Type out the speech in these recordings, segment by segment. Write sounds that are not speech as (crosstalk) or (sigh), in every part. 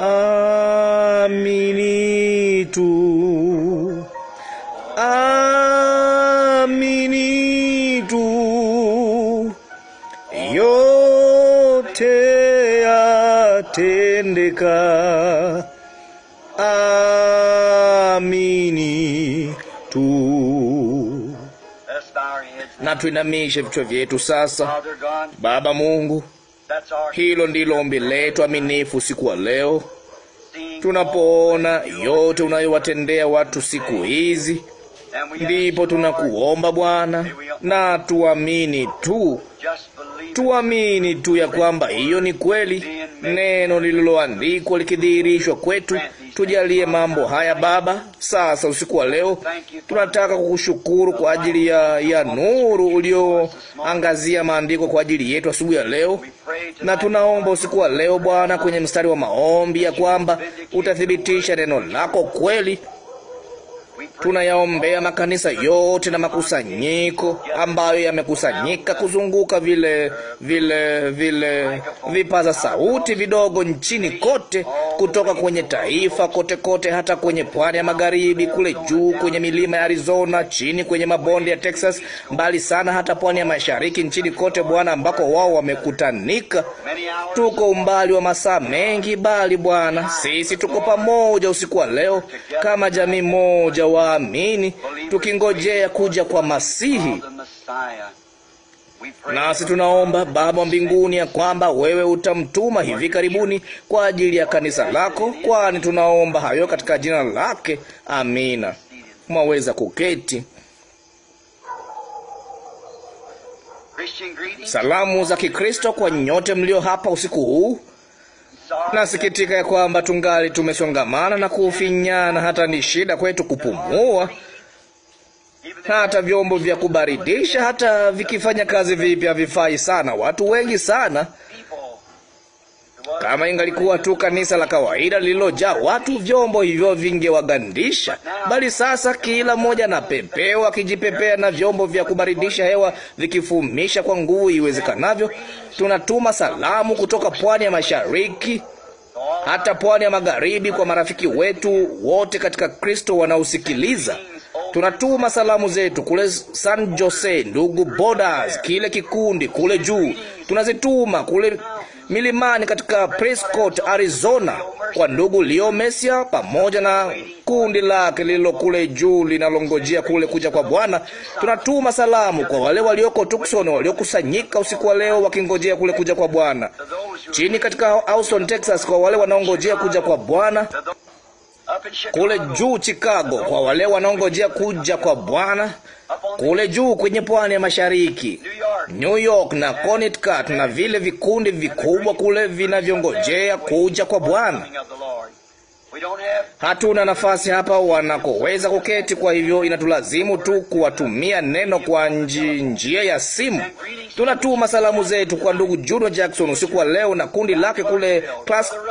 aminitu aminitu yote yatendeka amini tu na tuinamishe vichwa vyetu sasa baba mungu hilo ndilo ombi letu aminifu usiku wa leo, tunapoona yote unayowatendea watu siku hizi, ndipo tunakuomba Bwana, na tuamini tu, tuamini tu ya kwamba hiyo ni kweli, neno lililoandikwa likidhihirishwa kwetu. Tujalie mambo haya Baba. Sasa usiku wa leo tunataka kukushukuru kwa ajili ya, ya nuru ulioangazia maandiko kwa ajili yetu asubuhi ya leo na tunaomba usiku wa leo Bwana, kwenye mstari wa maombi ya kwamba utathibitisha neno lako kweli Tunayaombea makanisa yote na makusanyiko ambayo yamekusanyika kuzunguka vile vile vile vipaza sauti vidogo nchini kote, kutoka kwenye taifa kote kote, hata kwenye pwani ya magharibi, kule juu kwenye milima ya Arizona, chini kwenye mabonde ya Texas, mbali sana hata pwani ya mashariki, nchini kote, Bwana, ambako wao wamekutanika. Tuko umbali wa masaa mengi, bali Bwana, sisi tuko pamoja usiku wa leo kama jamii moja wa tunaamini, tukingojea kuja kwa Masihi. Nasi tunaomba Baba mbinguni ya kwamba wewe utamtuma hivi karibuni kwa ajili ya kanisa lako, kwani tunaomba hayo katika jina lake. Amina. Mwaweza kuketi. Salamu za Kikristo kwa nyote mlio hapa usiku huu. Nasikitika ya kwamba tungali tumesongamana na kufinyana, hata ni shida kwetu kupumua. Hata vyombo vya kubaridisha, hata vikifanya kazi vipi, havifai sana. Watu wengi sana kama ingalikuwa tu kanisa la kawaida lililojaa watu, vyombo hivyo vingewagandisha, bali sasa kila mmoja na akijipepea na vyombo vya kubaridisha hewa vikifumisha kwa nguvu iwezekanavyo. Tunatuma salamu kutoka pwani ya mashariki hata pwani ya magharibi kwa marafiki wetu wote katika Kristo wanaosikiliza. Tunatuma salamu zetu kule San Jose, ndugu Bodas, kile kikundi kule juu, tunazituma kule milimani katika Prescott, Arizona, kwa ndugu Leo Mesia pamoja na kundi lake lililo kule juu linalongojea kule kuja kwa Bwana. Tunatuma salamu kwa wale walioko Tucson waliokusanyika usiku wa leo wakingojea kule kuja kwa Bwana, chini katika Austin, Texas, kwa wale wanaongojea kuja kwa Bwana, kule juu Chicago, kwa wale wanaongojea kuja kwa Bwana kule juu kwenye pwani ya mashariki, New York na Connecticut, na vile vikundi vikubwa kule vinavyongojea kuja kwa Bwana. Hatuna nafasi hapa wanakoweza kuketi, kwa hivyo inatulazimu tu kuwatumia neno kwa nji, njia ya simu. Tunatuma salamu zetu kwa ndugu Juno Jackson usiku wa leo na kundi lake kule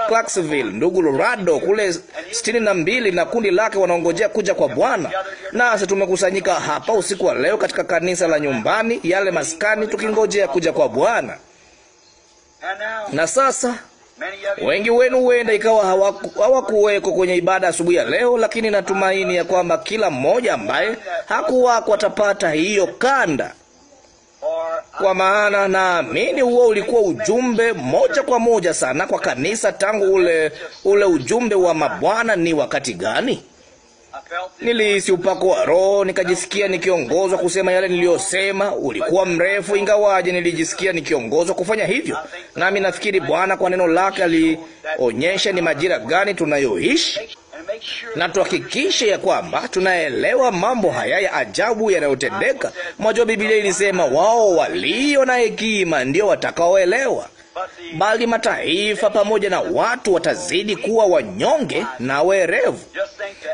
Clarksville, ndugu Lorado kule sitini na mbili na kundi lake wanaongojea kuja kwa Bwana. Nasi tumekusanyika hapa usiku wa leo katika kanisa la nyumbani, yale maskani, tukingojea kuja kwa Bwana. Na sasa Wengi wenu huenda ikawa hawaku, kwenye ibada asubuhi ya leo, lakini natumaini ya kwamba kila mmoja ambaye hakuwako atapata hiyo kanda, uh, kwa maana naamini huo ulikuwa ujumbe moja kwa moja sana kwa kanisa tangu ule, ule ujumbe wa mabwana. Ni wakati gani? Nilihisi upako wa Roho, nikajisikia nikiongozwa kusema yale niliyosema. Ulikuwa mrefu, ingawaje nilijisikia nikiongozwa kufanya hivyo. Nami nafikiri Bwana kwa neno lake alionyesha ni majira gani tunayoishi na tuhakikishe ya kwamba tunaelewa mambo haya ya ajabu yanayotendeka. Mwajua, Biblia ilisema wao walio na hekima ndio watakaoelewa bali mataifa pamoja na watu watazidi kuwa wanyonge na werevu.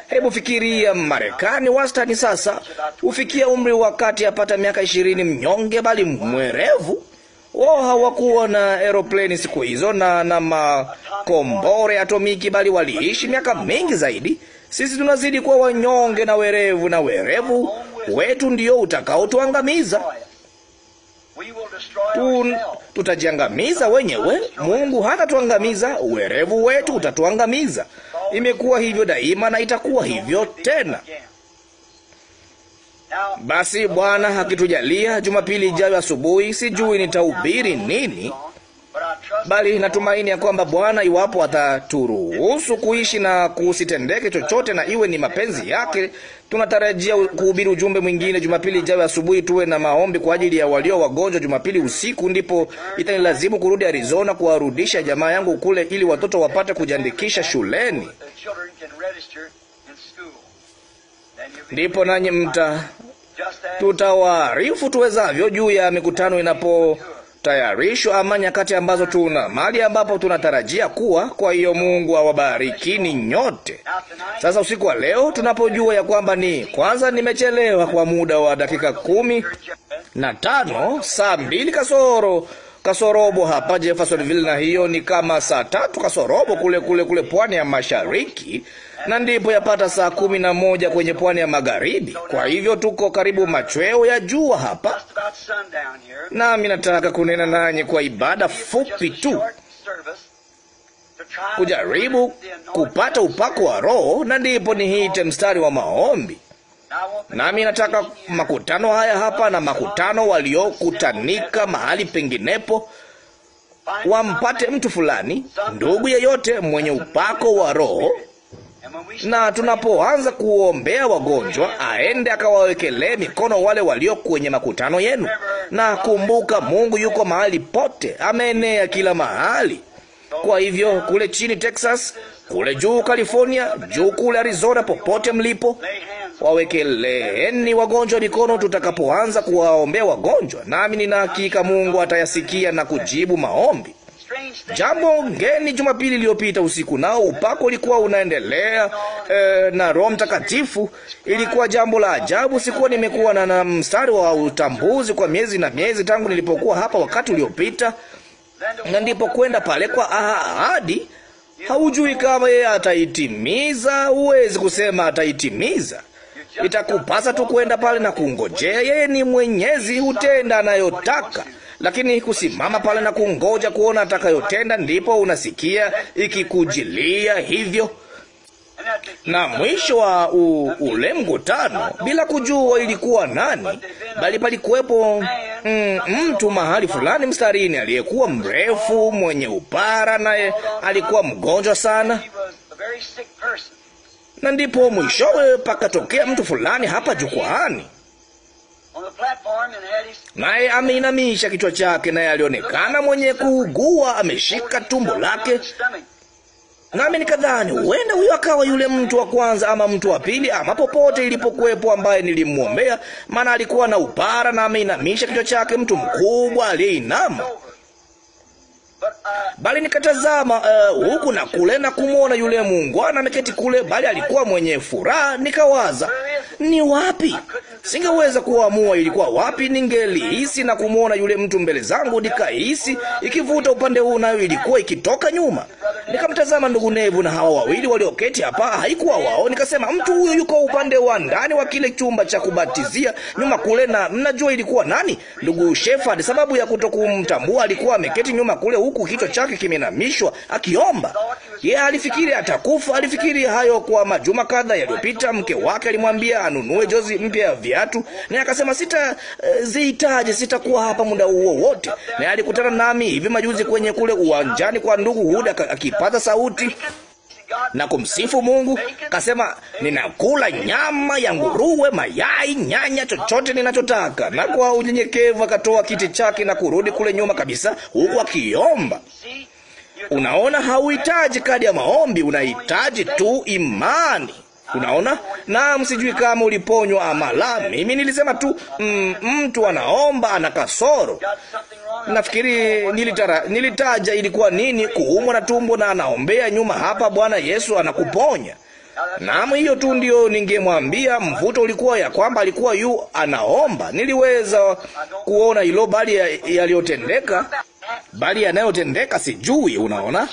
Hebu fikiria, Marekani wastani sasa hufikia umri wa kati miaka ishirini, mnyonge bali mwerevu. Wao hawakuwa na aeropleni siku hizo na na makombore atomiki, bali waliishi miaka mingi zaidi. Sisi tunazidi kuwa wanyonge na werevu, na werevu wetu ndio utakaotuangamiza tutajiangamiza wenyewe. Mungu hatatuangamiza, uwerevu wetu utatuangamiza. Imekuwa hivyo daima na itakuwa hivyo tena. Basi Bwana akitujalia, Jumapili ijayo asubuhi, sijui nitahubiri nini bali natumaini ya kwamba Bwana, iwapo ataturuhusu kuishi na kusitendeke chochote, na iwe ni mapenzi yake, tunatarajia kuhubiri ujumbe mwingine Jumapili ijayo asubuhi. Tuwe na maombi kwa ajili ya walio wagonjwa Jumapili usiku, ndipo itanilazimu kurudi Arizona kuwarudisha jamaa yangu kule, ili watoto wapate kujiandikisha shuleni, ndipo nanyi mta tutawaarifu tuwezavyo juu ya mikutano inapo tayarishwa ama nyakati ambazo tuna mahali ambapo tunatarajia kuwa. Kwa hiyo Mungu awabarikini nyote. Sasa usiku wa leo tunapojua ya kwamba ni kwanza, nimechelewa kwa muda wa dakika kumi na tano, saa mbili kasoro kasorobo hapa Jeffersonville, na hiyo ni kama saa tatu kasorobo kule kule kule pwani ya mashariki na ndipo yapata saa kumi na moja kwenye pwani ya magharibi. Kwa hivyo tuko karibu machweo ya jua hapa, nami nataka kunena nanyi kwa ibada fupi tu kujaribu kupata upako wa Roho, na ndipo niite mstari wa maombi. Nami nataka makutano haya hapa na makutano waliokutanika mahali penginepo wampate mtu fulani, ndugu yeyote mwenye upako wa Roho na tunapoanza kuombea wagonjwa, aende akawawekelee mikono wale walio kwenye makutano yenu. Na kumbuka, Mungu yuko mahali pote, ameenea kila mahali. Kwa hivyo kule chini Texas, kule juu California, juu kule Arizona, popote mlipo, wawekeleeni wagonjwa mikono tutakapoanza kuwaombea wagonjwa, nami nina hakika Mungu atayasikia na kujibu maombi jambo ngeni Jumapili iliyopita usiku, nao upako ulikuwa unaendelea e, na Roho Mtakatifu. Ilikuwa jambo la ajabu. Sikuwa nimekuwa na, na mstari wa utambuzi kwa miezi na miezi tangu nilipokuwa hapa wakati uliopita, na ndipo kwenda pale kwa ahadi. Haujui kama yeye ataitimiza, huwezi kusema ataitimiza. Itakupasa tu kwenda pale na kungojea. Yeye ni mwenyezi, hutenda anayotaka lakini kusimama pale na kungoja kuona atakayotenda, ndipo unasikia ikikujilia hivyo na mwisho wa ule mkutano, bila kujua ilikuwa nani, bali palikuwepo mm, mtu mahali fulani mstarini aliyekuwa mrefu mwenye upara, naye alikuwa mgonjwa sana, na ndipo mwishowe pakatokea mtu fulani hapa jukwaani naye ameinamisha kichwa chake, naye alionekana mwenye kuugua, ameshika tumbo lake. Nami nikadhani huenda huyo akawa yule mtu wa kwanza ama mtu wa pili ama popote ilipokuwepo ambaye nilimwombea, maana alikuwa na upara na ameinamisha kichwa chake, mtu mkubwa aliyeinama. Bali nikatazama uh, huku na kule na kumwona yule muungwana ameketi kule, bali alikuwa mwenye furaha. Nikawaza, ni wapi? Singeweza kuamua ilikuwa wapi. Ningelihisi na kumwona yule mtu mbele zangu, nikahisi ikivuta upande huu, nayo ilikuwa ikitoka nyuma. Nikamtazama ndugu Nevu na hawa wawili walioketi hapa, haikuwa wao. Nikasema, mtu huyu yuko upande wa ndani wa kile chumba cha kubatizia nyuma kule, na mnajua ilikuwa nani? Ndugu Shefard, sababu ya kutokumtambua alikuwa ameketi nyuma kule huku huku kichwa chake kimenamishwa akiomba. Yeye alifikiri atakufa, alifikiri hayo kwa majuma kadha yaliyopita. Mke wake alimwambia anunue jozi mpya ya viatu, naye akasema sita e, zihitaji, sitakuwa hapa muda huo wote. Naye alikutana nami hivi majuzi kwenye kule uwanjani kwa ndugu Huda, akipata sauti na kumsifu Mungu. Kasema, ninakula nyama ya nguruwe, mayai, nyanya, chochote ninachotaka. Na kwa unyenyekevu akatoa kiti chake na kurudi kule nyuma kabisa, huku akiomba. Unaona, hauhitaji kadi ya maombi, unahitaji tu imani. Unaona, naam, sijui kama uliponywa ama la. Mimi nilisema tu mm, mtu anaomba ana kasoro. Nafikiri nilitara, nilitaja ilikuwa nini, kuumwa na tumbo na anaombea nyuma hapa, Bwana Yesu anakuponya. Naam, hiyo tu ndio ningemwambia. Mvuto ulikuwa ya kwamba alikuwa yu anaomba. Niliweza kuona hilo, bali yaliyotendeka ya bali yanayotendeka sijui. Unaona,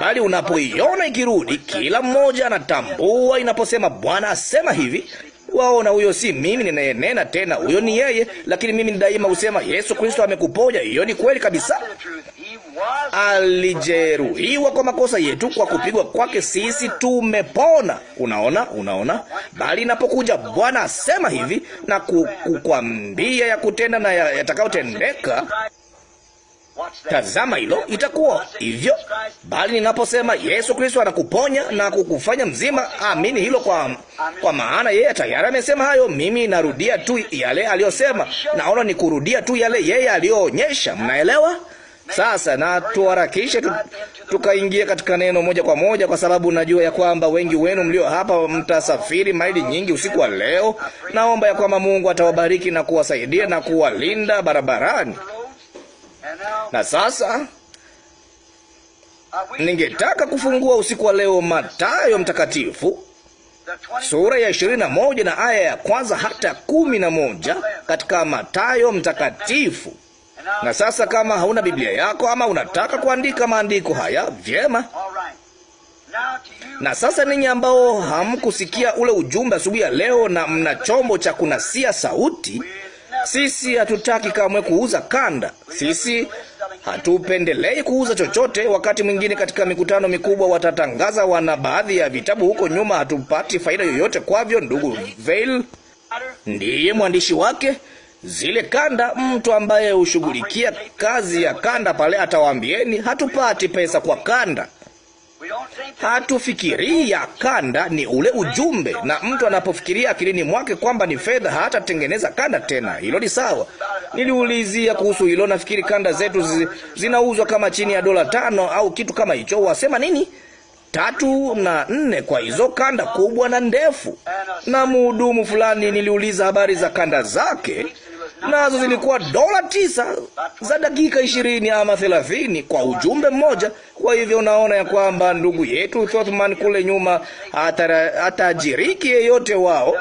bali unapoiona ikirudi, kila mmoja anatambua inaposema Bwana asema hivi Waona, huyo si mimi ninayenena tena, huyo ni yeye, lakini mimi ni daima usema Yesu Kristo amekuponya. Hiyo ni kweli kabisa alijeruhiwa kwa makosa yetu, kwa kupigwa kwake sisi tumepona. Unaona, unaona. Bali inapokuja Bwana asema hivi na kukwambia ya kutenda na yatakayotendeka Tazama, hilo itakuwa hivyo. Bali ninaposema Yesu Kristo anakuponya na kukufanya mzima, amini hilo, kwa, kwa maana yeye tayari amesema hayo. Mimi narudia tu yale aliyosema, naona ni kurudia tu yale yeye aliyoonyesha. Mnaelewa? Sasa na tuharakishe tu, tukaingia katika neno moja kwa moja, kwa sababu najua ya kwamba wengi wenu mlio hapa mtasafiri maili nyingi usiku wa leo. Naomba ya kwamba Mungu atawabariki na kuwasaidia na kuwalinda barabarani. Na sasa ningetaka kufungua usiku wa leo Mathayo Mtakatifu sura ya ishirini na moja na aya ya kwanza hata kumi na moja katika Mathayo Mtakatifu. Na sasa kama hauna Biblia yako ama unataka kuandika maandiko haya vyema. Na sasa ninyi ambao hamkusikia ule ujumbe asubuhi ya leo na mna chombo cha kunasia sauti, sisi hatutaki kamwe kuuza kanda. Sisi hatupendelei kuuza chochote. Wakati mwingine katika mikutano mikubwa watatangaza wana baadhi ya vitabu huko nyuma, hatupati faida yoyote kwavyo. Ndugu Veil ndiye mwandishi wake zile kanda. Mtu ambaye hushughulikia kazi ya kanda pale atawaambieni, hatupati pesa kwa kanda, hatufikirii ya kanda, ni ule ujumbe. Na mtu anapofikiria akilini mwake kwamba ni fedha, hatatengeneza kanda tena. Hilo ni sawa. Niliulizia kuhusu hilo. Nafikiri kanda zetu zi, zinauzwa kama chini ya dola tano au kitu kama hicho. Wasema nini? tatu na nne kwa hizo kanda kubwa na ndefu. Na mhudumu fulani niliuliza habari za kanda zake, nazo zilikuwa dola tisa za dakika ishirini ama thelathini kwa ujumbe mmoja. Kwa hivyo unaona ya kwamba ndugu yetu Thothman kule nyuma hatajiriki yeyote wao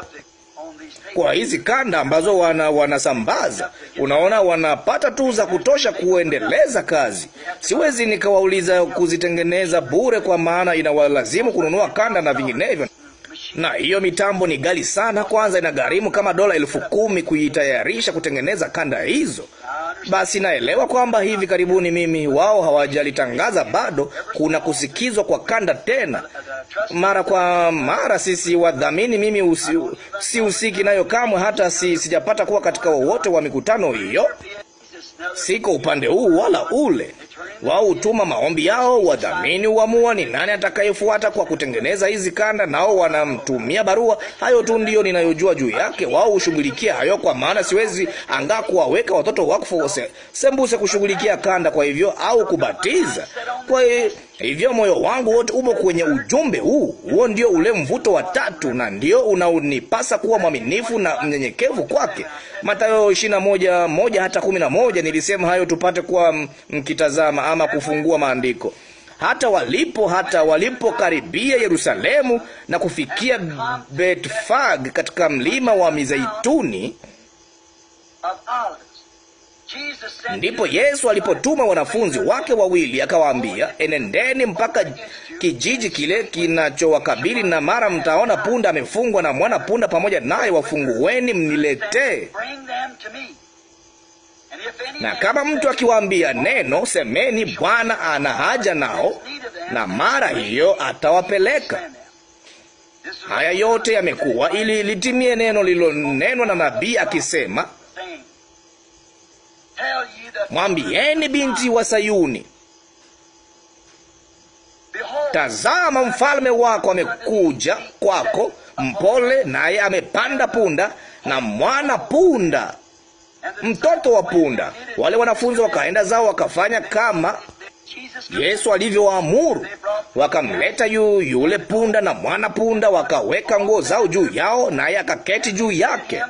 kwa hizi kanda ambazo wana wanasambaza. Unaona, wanapata tu za kutosha kuendeleza kazi. Siwezi nikawauliza kuzitengeneza bure, kwa maana inawalazimu kununua kanda na vinginevyo na hiyo mitambo ni ghali sana. Kwanza inagharimu kama dola elfu kumi kuitayarisha kutengeneza kanda hizo. Basi naelewa kwamba hivi karibuni mimi wao hawajalitangaza bado, kuna kusikizwa kwa kanda tena mara kwa mara. Sisi wadhamini, mimi usi, usiki nayo kamwe, hata si, sijapata kuwa katika wowote wa mikutano hiyo, siko upande huu wala ule wao hutuma maombi yao, wadhamini uamua ni nani atakayefuata kwa kutengeneza hizi kanda, nao wanamtumia barua. Hayo tu ndiyo ninayojua juu yake. Wao hushughulikia hayo, kwa maana siwezi angaa kuwaweka watoto wakfu sembuse kushughulikia kanda, kwa hivyo au kubatiza kwa Hivyo moyo wangu wote upo kwenye ujumbe huu. Huo ndio ule mvuto wa tatu, na ndio unaonipasa kuwa mwaminifu na mnyenyekevu kwake. Mathayo ishirini na moja moja hata kumi na moja. Nilisema hayo tupate kuwa mkitazama ama kufungua maandiko hata walipo hata walipokaribia Yerusalemu na kufikia Betfag katika mlima wa Mizeituni Ndipo Yesu alipotuma wanafunzi wake wawili akawaambia, enendeni mpaka kijiji kile kinachowakabili na mara mtaona punda amefungwa na mwana punda pamoja naye, wafungueni mniletee. Na kama mtu akiwaambia neno, semeni Bwana ana haja nao, na mara hiyo atawapeleka. Haya yote yamekuwa ili litimie neno lililonenwa na nabii akisema Mwambieni binti wa Sayuni, tazama mfalme wako amekuja kwako, mpole, naye amepanda punda na mwana punda, mtoto wa punda. Wale wanafunzi wakaenda zao, wakafanya kama Yesu alivyowaamuru, wakamleta yu yule punda na mwana punda, wakaweka nguo zao juu yao, naye akaketi juu yake.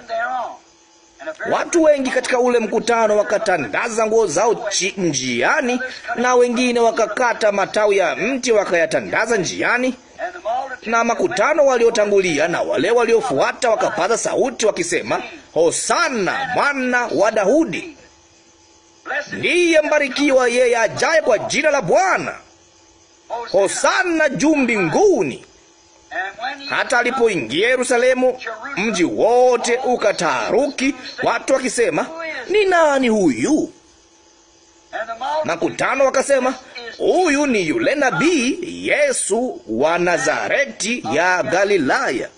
Watu wengi katika ule mkutano wakatandaza nguo zao njiani, na wengine wakakata matawi ya mti wakayatandaza njiani, na makutano waliotangulia na wale waliofuata wakapaza sauti wakisema, Hosana mwana wa Daudi, ndiye mbarikiwa yeye ajaye kwa jina la Bwana, Hosana juu mbinguni. Hata alipoingia Yerusalemu, mji wote ukataharuki, watu wakisema, ni nani huyu? Makutano wakasema, huyu ni yule nabii Yesu wa Nazareti ya Galilaya.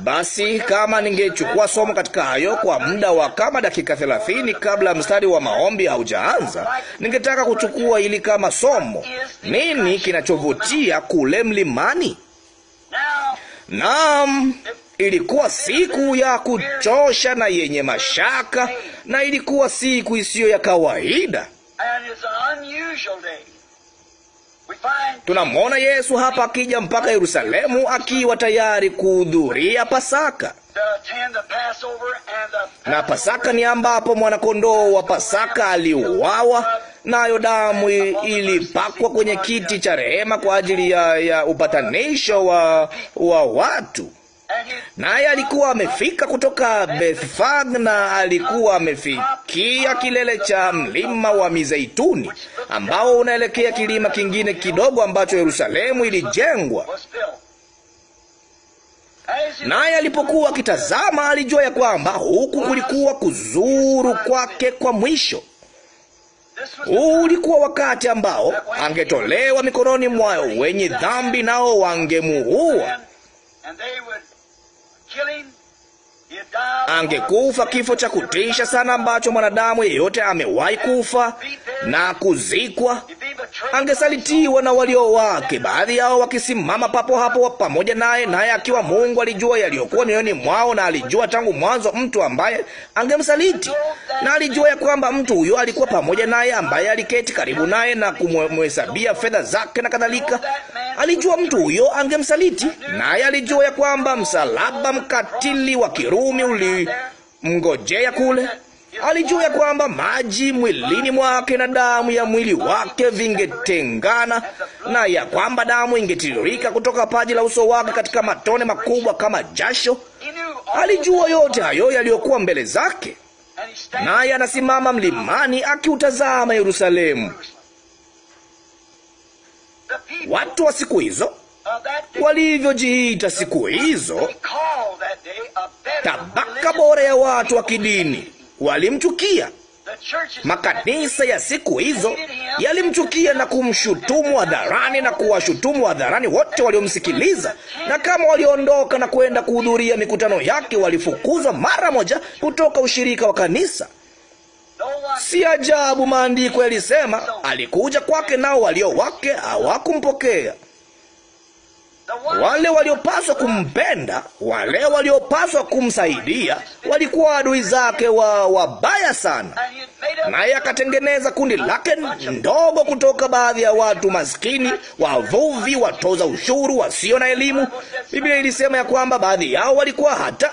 Basi kama ningechukua somo katika hayo kwa muda wa kama dakika thelathini kabla mstari wa maombi haujaanza, ningetaka kuchukua ili kama somo, nini kinachovutia kule mlimani? Naam, ilikuwa siku ya kuchosha na yenye mashaka, na ilikuwa siku isiyo ya kawaida. Tunamwona Yesu hapa akija mpaka Yerusalemu akiwa tayari kuhudhuria Pasaka. Na Pasaka ni ambapo mwanakondoo wa Pasaka aliuawa, nayo damu ilipakwa kwenye kiti cha rehema kwa ajili ya, ya upatanisho wa, wa watu naye alikuwa amefika kutoka bethfag na alikuwa amefikia kilele cha mlima wa Mizeituni ambao unaelekea kilima kingine kidogo ambacho Yerusalemu ilijengwa. Naye alipokuwa akitazama, alijua ya kwamba huku kulikuwa kuzuru kwake kwa mwisho. Huu ulikuwa wakati ambao angetolewa mikononi mwayo wenye dhambi, nao wangemuua angekufa kifo cha kutisha sana ambacho mwanadamu yeyote amewahi kufa na kuzikwa angesalitiwa na walio wake, baadhi yao wakisimama papo hapo pamoja naye, naye akiwa Mungu alijua yaliyokuwa mioyoni mwao, na alijua tangu mwanzo mtu ambaye angemsaliti, na alijua ya kwamba mtu huyo alikuwa pamoja naye, ambaye aliketi karibu naye na kumhesabia fedha zake na kadhalika. Alijua mtu huyo angemsaliti, naye alijua ya kwamba msalaba mkatili wa Kirumi uli mngojea kule. Alijua kwamba maji mwilini mwake na damu ya mwili wake vingetengana na ya kwamba damu ingetiririka kutoka paji la uso wake katika matone makubwa kama jasho. Alijua yote hayo yaliyokuwa mbele zake, naye anasimama mlimani akiutazama Yerusalemu. Watu wa siku hizo walivyojiita siku hizo tabaka bora ya watu wa kidini walimchukia. Makanisa ya siku hizo yalimchukia na kumshutumu hadharani na kuwashutumu hadharani wote waliomsikiliza, na kama waliondoka na kwenda kuhudhuria mikutano yake, walifukuzwa mara moja kutoka ushirika wa kanisa. Si ajabu maandiko yalisema, alikuja kwake nao walio wake hawakumpokea. Wale waliopaswa kumpenda, wale waliopaswa kumsaidia, walikuwa adui zake wa wabaya sana, naye akatengeneza kundi lake ndogo kutoka baadhi ya watu maskini, wavuvi, watoza ushuru, wasio na elimu. Biblia ilisema ya kwamba baadhi yao walikuwa hata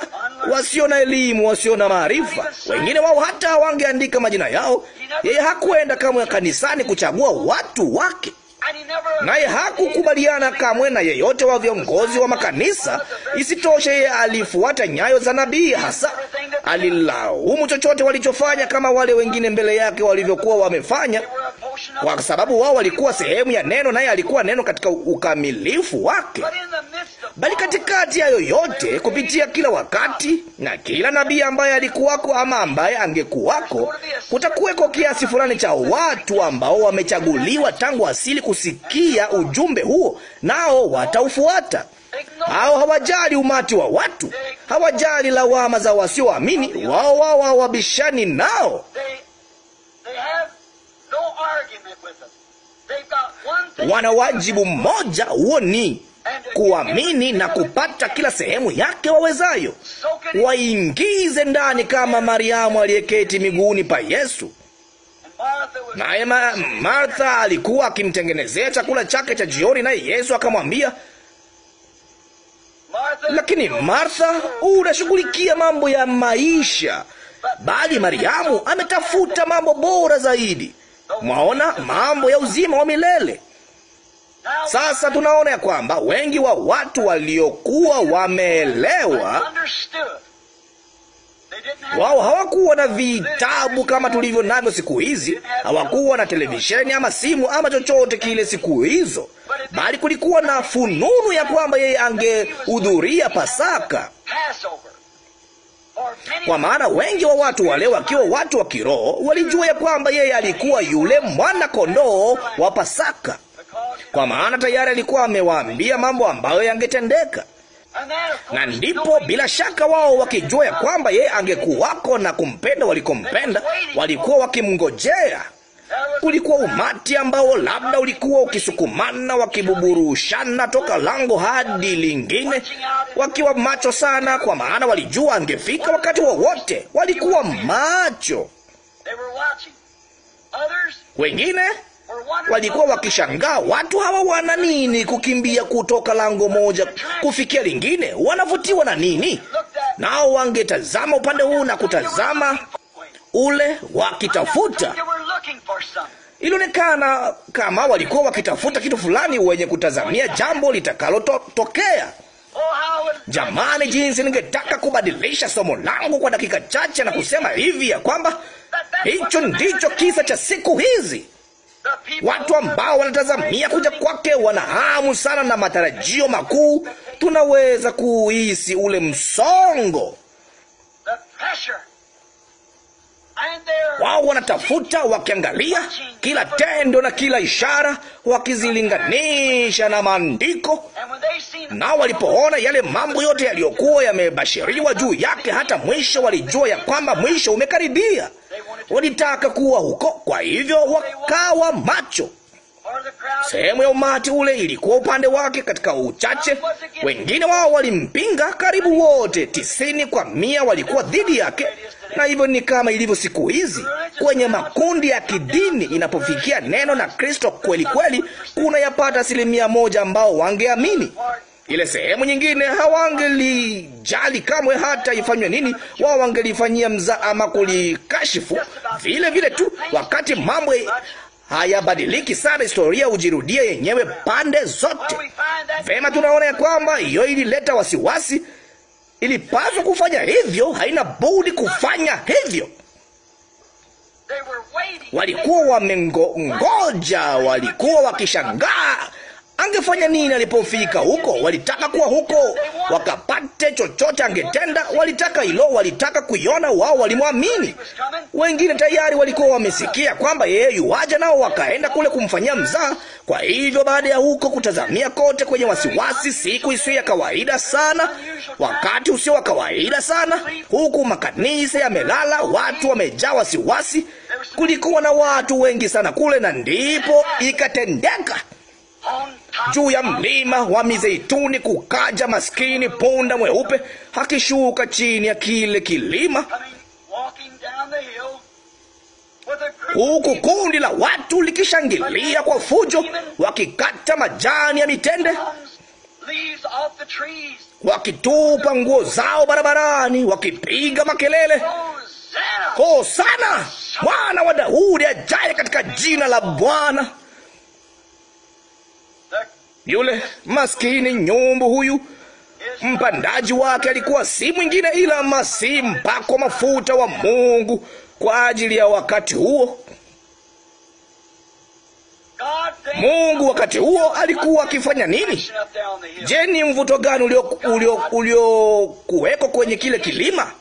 wasio na elimu, wasio na maarifa. Wengine wao hata wangeandika majina yao. Yeye hakuenda kamwe kanisani kuchagua watu wake naye hakukubaliana kamwe na yeyote wa viongozi wa makanisa. Isitoshe, yeye alifuata nyayo za nabii, hasa alilaumu chochote walichofanya, kama wale wengine mbele yake walivyokuwa wamefanya, kwa sababu wao walikuwa sehemu ya neno, naye alikuwa neno katika ukamilifu wake. Bali katikati ya yoyote, kupitia kila wakati na kila nabii ambaye alikuwako ama ambaye angekuwako, kutakuweko kiasi fulani cha watu ambao wamechaguliwa tangu asili kusikia ujumbe huo, nao wataufuata. Hao hawajali umati wa watu, hawajali lawama za wasioamini. Wao wao hawabishani nao wana wajibu mmoja, huo ni kuamini na kupata kila sehemu yake wawezayo, waingize ndani kama Mariamu aliyeketi miguuni pa Yesu. Naye Martha alikuwa akimtengenezea chakula chake cha jioni, naye Yesu akamwambia, lakini Martha, unashughulikia mambo ya maisha, bali Mariamu ametafuta mambo bora zaidi, mwaona, mambo ya uzima wa milele. Sasa tunaona ya kwamba wengi wa watu waliokuwa wameelewa wao hawakuwa na vitabu kama tulivyo navyo siku hizi, hawakuwa na televisheni ama simu ama chochote kile siku hizo, bali kulikuwa na fununu ya kwamba yeye angehudhuria Pasaka, kwa maana wengi wa watu wale wakiwa watu wa kiroho walijua ya kwamba yeye alikuwa yule mwana kondoo wa Pasaka kwa maana tayari alikuwa amewaambia mambo ambayo yangetendeka na ndipo bila shaka wao wakijua ya kwamba yeye angekuwako na kumpenda walikompenda, walikuwa wakimngojea. Kulikuwa umati ambao labda ulikuwa ukisukumana, wakibuburushana toka lango hadi lingine, wakiwa macho sana, kwa maana walijua angefika wakati wowote. Wa walikuwa macho, wengine Walikuwa wakishangaa watu hawa wana nini, kukimbia kutoka lango moja kufikia lingine, wanavutiwa na nini? Nao wangetazama upande huu na kutazama ule, wakitafuta Ilionekana kama walikuwa wakitafuta kitu fulani, wenye kutazamia jambo litakalotokea. jamani, jinsi ningetaka kubadilisha somo langu kwa dakika chache na kusema hivi ya kwamba hicho ndicho kisa cha siku hizi. Watu ambao wanatazamia kuja kwake wana hamu sana na matarajio makuu. Tunaweza kuhisi ule msongo wao wanatafuta wakiangalia kila tendo na kila ishara, wakizilinganisha na Maandiko, nao walipoona yale mambo yote yaliyokuwa yamebashiriwa juu yake hata mwisho, walijua ya kwamba mwisho umekaribia. Walitaka kuwa huko, kwa hivyo wakawa macho. Sehemu ya umati ule ilikuwa upande wake katika uchache. Wengine wao walimpinga, karibu wote tisini kwa mia walikuwa dhidi yake, na hivyo ni kama ilivyo siku hizi kwenye makundi ya kidini. Inapofikia neno na Kristo kweli kweli, kuna yapata asilimia moja ambao wangeamini ile sehemu nyingine hawangelijali kamwe, hata ifanywe nini. Wao wangelifanyia mzaa ama kulikashifu vile vile tu, wakati mambo hayabadiliki sana, historia hujirudia yenyewe pande zote. Vema, tunaona ya kwamba hiyo ilileta wasiwasi. Ilipaswa kufanya hivyo, haina budi kufanya hivyo. Walikuwa wamengoja, walikuwa wakishangaa Angefanya nini alipofika huko? Walitaka kuwa huko wakapate chochote angetenda. Walitaka hilo, walitaka kuiona. Wao walimwamini. Wengine tayari walikuwa wamesikia kwamba yeye yuaja, nao wakaenda kule kumfanyia mzaa. Kwa hivyo baada ya huko kutazamia kote kwenye wasiwasi, siku isiyo ya kawaida sana, wakati usio wa kawaida sana, huku makanisa yamelala, watu wamejaa wasiwasi, kulikuwa na watu wengi sana kule, na ndipo ikatendeka juu ya mlima wa Mizeituni, kukaja maskini punda mweupe akishuka chini ya kile kilima, huku kundi la watu likishangilia kwa fujo, wakikata majani ya mitende, wakitupa nguo zao barabarani, wakipiga makelele, Hosana mwana wa Daudi ajaye katika jina la Bwana. Yule maskini nyumbu huyu mpandaji wake alikuwa si mwingine ila Masihi mpako mafuta wa Mungu kwa ajili ya wakati huo. Mungu wakati huo alikuwa akifanya nini? Je, ni mvuto gani ulio, ulio, ulio kwenye kile kilima?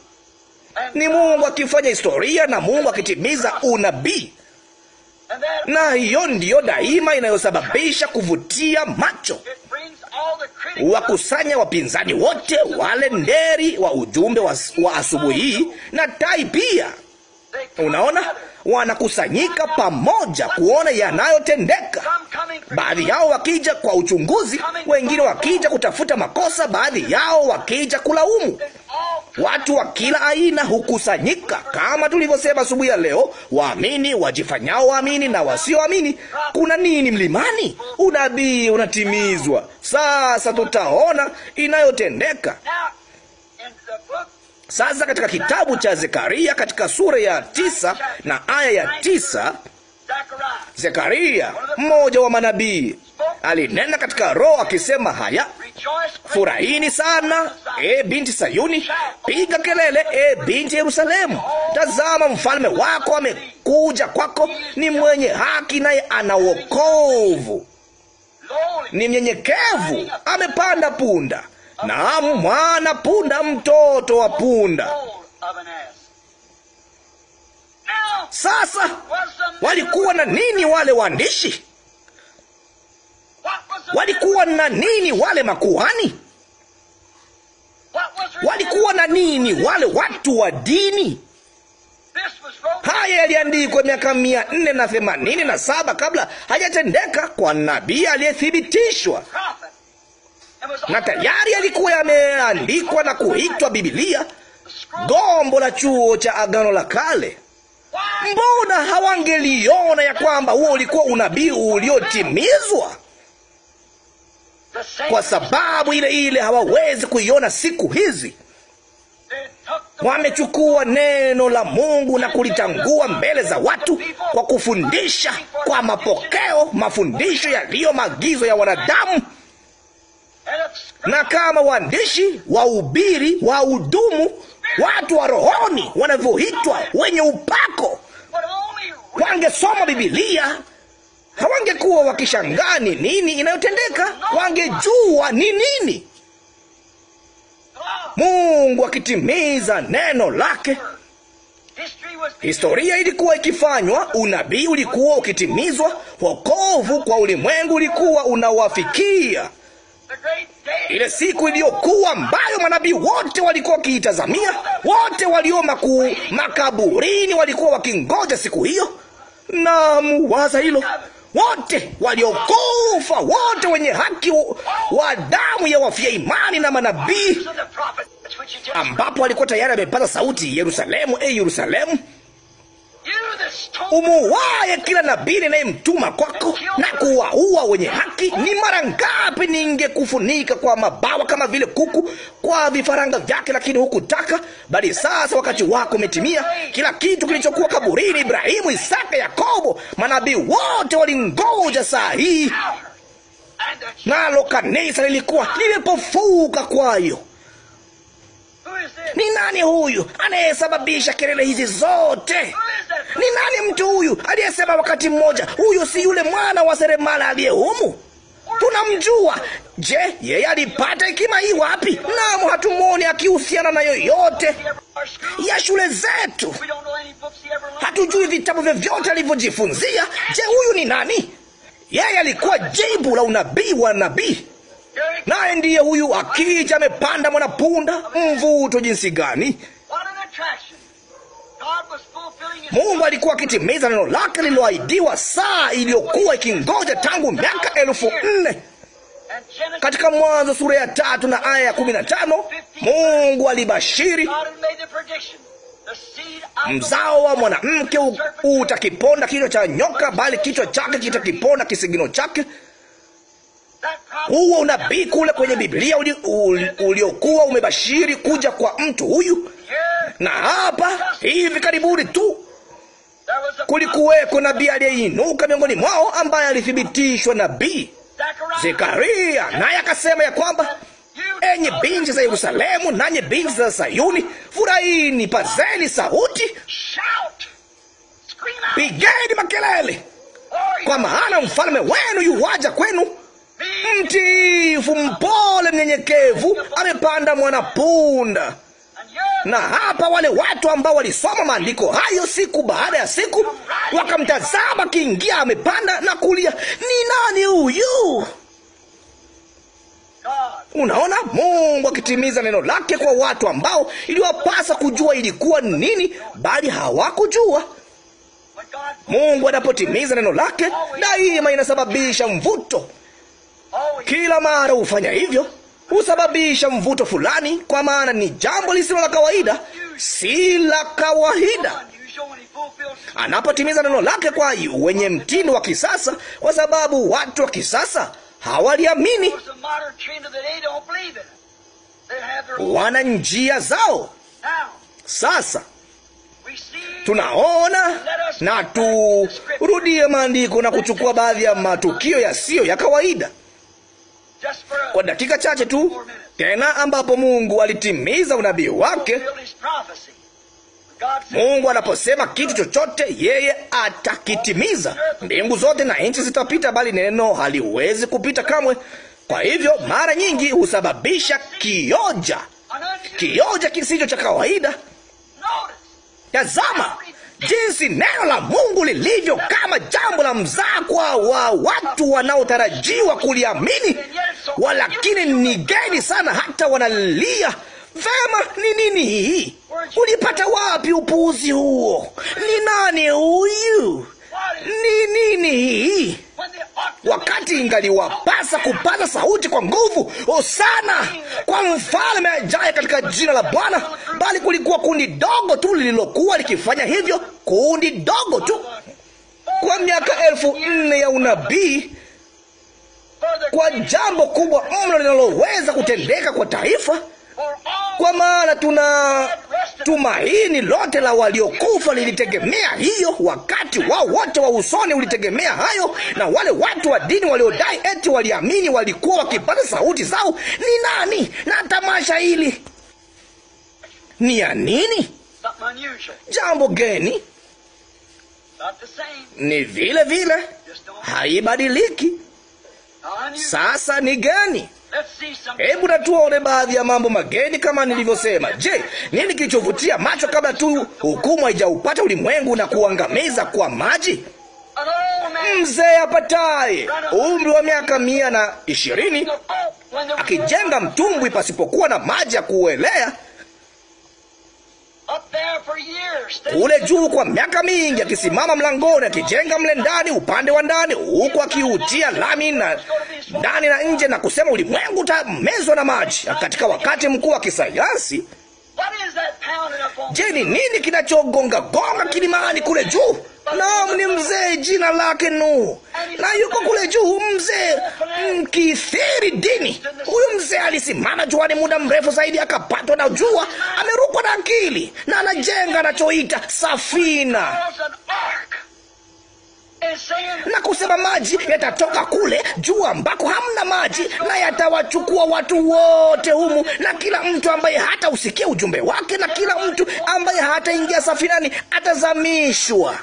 Ni Mungu akifanya historia na Mungu akitimiza unabii na hiyo ndiyo daima inayosababisha kuvutia macho wakusanya wapinzani wote, wale nderi wa ujumbe wa, wa asubuhi hii na tai pia. Unaona, wanakusanyika pamoja kuona yanayotendeka, baadhi yao wakija kwa uchunguzi, wengine wakija kutafuta makosa, baadhi yao wakija kulaumu. Watu wa kila aina hukusanyika, kama tulivyosema asubuhi ya leo, waamini, wajifanyao waamini na wasioamini. Kuna nini mlimani? Unabii unatimizwa sasa, tutaona inayotendeka sasa katika kitabu cha Zekaria katika sura ya tisa na aya ya tisa Zekaria mmoja wa manabii alinena katika Roho akisema haya: furahini sana, e binti Sayuni, piga kelele, e binti Yerusalemu, tazama mfalme wako amekuja kwako, ni mwenye haki, naye ana wokovu, ni mnyenyekevu, amepanda punda na mwana punda, mtoto wa punda. Sasa walikuwa na nini wale waandishi? Walikuwa na nini wale makuhani? Walikuwa na nini wale watu wa dini? Haya yaliandikwa miaka mia nne na themanini na saba kabla hajatendeka kwa nabii aliyethibitishwa na tayari yalikuwa yameandikwa na kuitwa Biblia, gombo la chuo cha Agano la Kale. Mbona hawangeliona ya kwamba huo ulikuwa unabii uliotimizwa? Kwa sababu ile ile hawawezi kuiona siku hizi. Wamechukua neno la Mungu na kulitangua mbele za watu kwa kufundisha kwa mapokeo, mafundisho yaliyo maagizo ya wanadamu na kama waandishi, wahubiri, wahudumu, watu wa rohoni wanavyoitwa, wenye upako, wangesoma Bibilia hawangekuwa wakishangaa ni nini inayotendeka, wangejua ni nini Mungu akitimiza neno lake. Historia ilikuwa ikifanywa, unabii ulikuwa ukitimizwa, wokovu kwa ulimwengu ulikuwa unawafikia ile siku iliyokuwa ambayo manabii wote walikuwa wakiitazamia, wote walio maku, makaburini walikuwa wakingoja siku hiyo. Na muwaza hilo, wote waliokufa, wote wenye haki wa damu ya wafia imani na manabii, ambapo alikuwa tayari amepata sauti, Yerusalemu, e Yerusalemu, umuwaye kila nabii ninayemtuma kwako na kuwaua wenye haki. Ni mara ngapi ningekufunika kwa mabawa kama vile kuku kwa vifaranga vyake, lakini hukutaka. Bali sasa wakati wako umetimia. Kila kitu kilichokuwa kaburini, Ibrahimu, Isaka, Yakobo, manabii wote walingoja saa hii, nalo kanisa lilikuwa limepofuka kwayo. Ni nani huyu anayesababisha kelele hizi zote? Ni nani mtu huyu aliyesema wakati mmoja, huyu si yule mwana wa seremala aliye humu? Tunamjua. Je, yeye alipata hekima hii wapi? Naam, hatumwoni akihusiana na yoyote ya shule zetu. Hatujui vitabu vyovyote alivyojifunzia. Je, huyu ni nani? Yeye alikuwa jibu la unabii wa nabii. Naye ndiye huyu akija amepanda mwanapunda. Mvuto jinsi gani! Mungu alikuwa akitimiza neno lake lililoahidiwa, saa iliyokuwa ikingoja tangu miaka elfu nne katika Mwanzo sura ya tatu na aya ya kumi na tano Mungu alibashiri mzao wa mwanamke utakiponda kichwa cha nyoka, bali kichwa chake kitakiponda kisigino chake huo unabii kule kwenye Biblia uliokuwa uli umebashiri kuja kwa mtu huyu, na hapa hivi karibuni tu kulikuweko nabii aliyeinuka miongoni mwao ambaye alithibitishwa nabii Zekaria, naye akasema ya kwamba enye binti za Yerusalemu, nanye binti za Sayuni, furahini, pazeni sauti, pigeni makelele, kwa maana mfalme wenu yuwaja kwenu mtiifu, mpole, mnyenyekevu, amepanda mwanapunda. Na hapa wale watu ambao walisoma maandiko hayo siku baada ya siku wakamtazama kiingia, amepanda na kulia, ni nani huyu? Unaona, Mungu akitimiza neno lake kwa watu ambao iliwapasa kujua ilikuwa nini, bali hawakujua. Mungu anapotimiza neno lake daima inasababisha mvuto. Kila mara hufanya hivyo, husababisha mvuto fulani, kwa maana ni jambo lisilo la kawaida, si la kawaida anapotimiza neno lake kwa wenye mtindo wa kisasa, kwa sababu watu wa kisasa hawaliamini, wana njia zao. Sasa tunaona na turudie maandiko na kuchukua baadhi ya matukio yasiyo ya kawaida kwa dakika chache tu tena, ambapo Mungu alitimiza unabii wake. Mungu anaposema kitu chochote, yeye atakitimiza. Mbingu zote na nchi zitapita, bali neno haliwezi kupita kamwe. Kwa hivyo mara nyingi husababisha kioja, kioja kisicho cha kawaida. Tazama, jinsi neno la Mungu lilivyo kama jambo la mzakwa wa watu wanaotarajiwa kuliamini, walakini ni geni sana, hata wanalia Vema, ni nini hii? Ulipata wapi upuuzi huo? Ni nani huyu? Ni nini hii? wakati ingaliwapasa kupaza sauti kwa nguvu, hosana kwa mfalme ajaye katika jina la Bwana, bali kulikuwa kundi dogo tu lililokuwa likifanya hivyo, kundi dogo tu. Kwa miaka elfu nne ya unabii, kwa jambo kubwa mno linaloweza kutendeka kwa taifa kwa maana tuna tumaini lote la waliokufa lilitegemea hiyo. Wakati wao wote wa usoni ulitegemea hayo, na wale watu wa dini waliodai eti waliamini walikuwa wakipata sauti zao. Ni nani? Na tamasha hili ni ya nini? Jambo geni ni vile vile, haibadiliki. Sasa ni geni Hebu na tuone baadhi ya mambo mageni kama nilivyosema. Je, nini kilichovutia macho kabla tu hukumu haijaupata ulimwengu na kuangamiza kwa maji? Mzee apataye umri wa miaka mia na ishirini akijenga mtumbwi pasipokuwa na maji ya kuelea kule juu kwa miaka mingi, akisimama mlangoni, akijenga mle ndani, upande wa ndani, huku akiutia lami na ndani na nje, na kusema ulimwengu utamezwa na maji, katika wakati mkuu wa kisayansi. Je, ni nini kinachogonga gonga kilimani kule juu? Naam, ni mzee, jina lake Nuhu, na yuko kule juu, mzee mkithiri dini. Huyu mzee alisimama juani muda mrefu zaidi, akapatwa na jua, amerukwa na akili, na anajenga anachoita safina na kusema maji yatatoka kule juu ambako hamna maji, na yatawachukua watu wote humu, na kila mtu ambaye hata usikie ujumbe wake, na kila mtu ambaye hataingia safinani atazamishwa.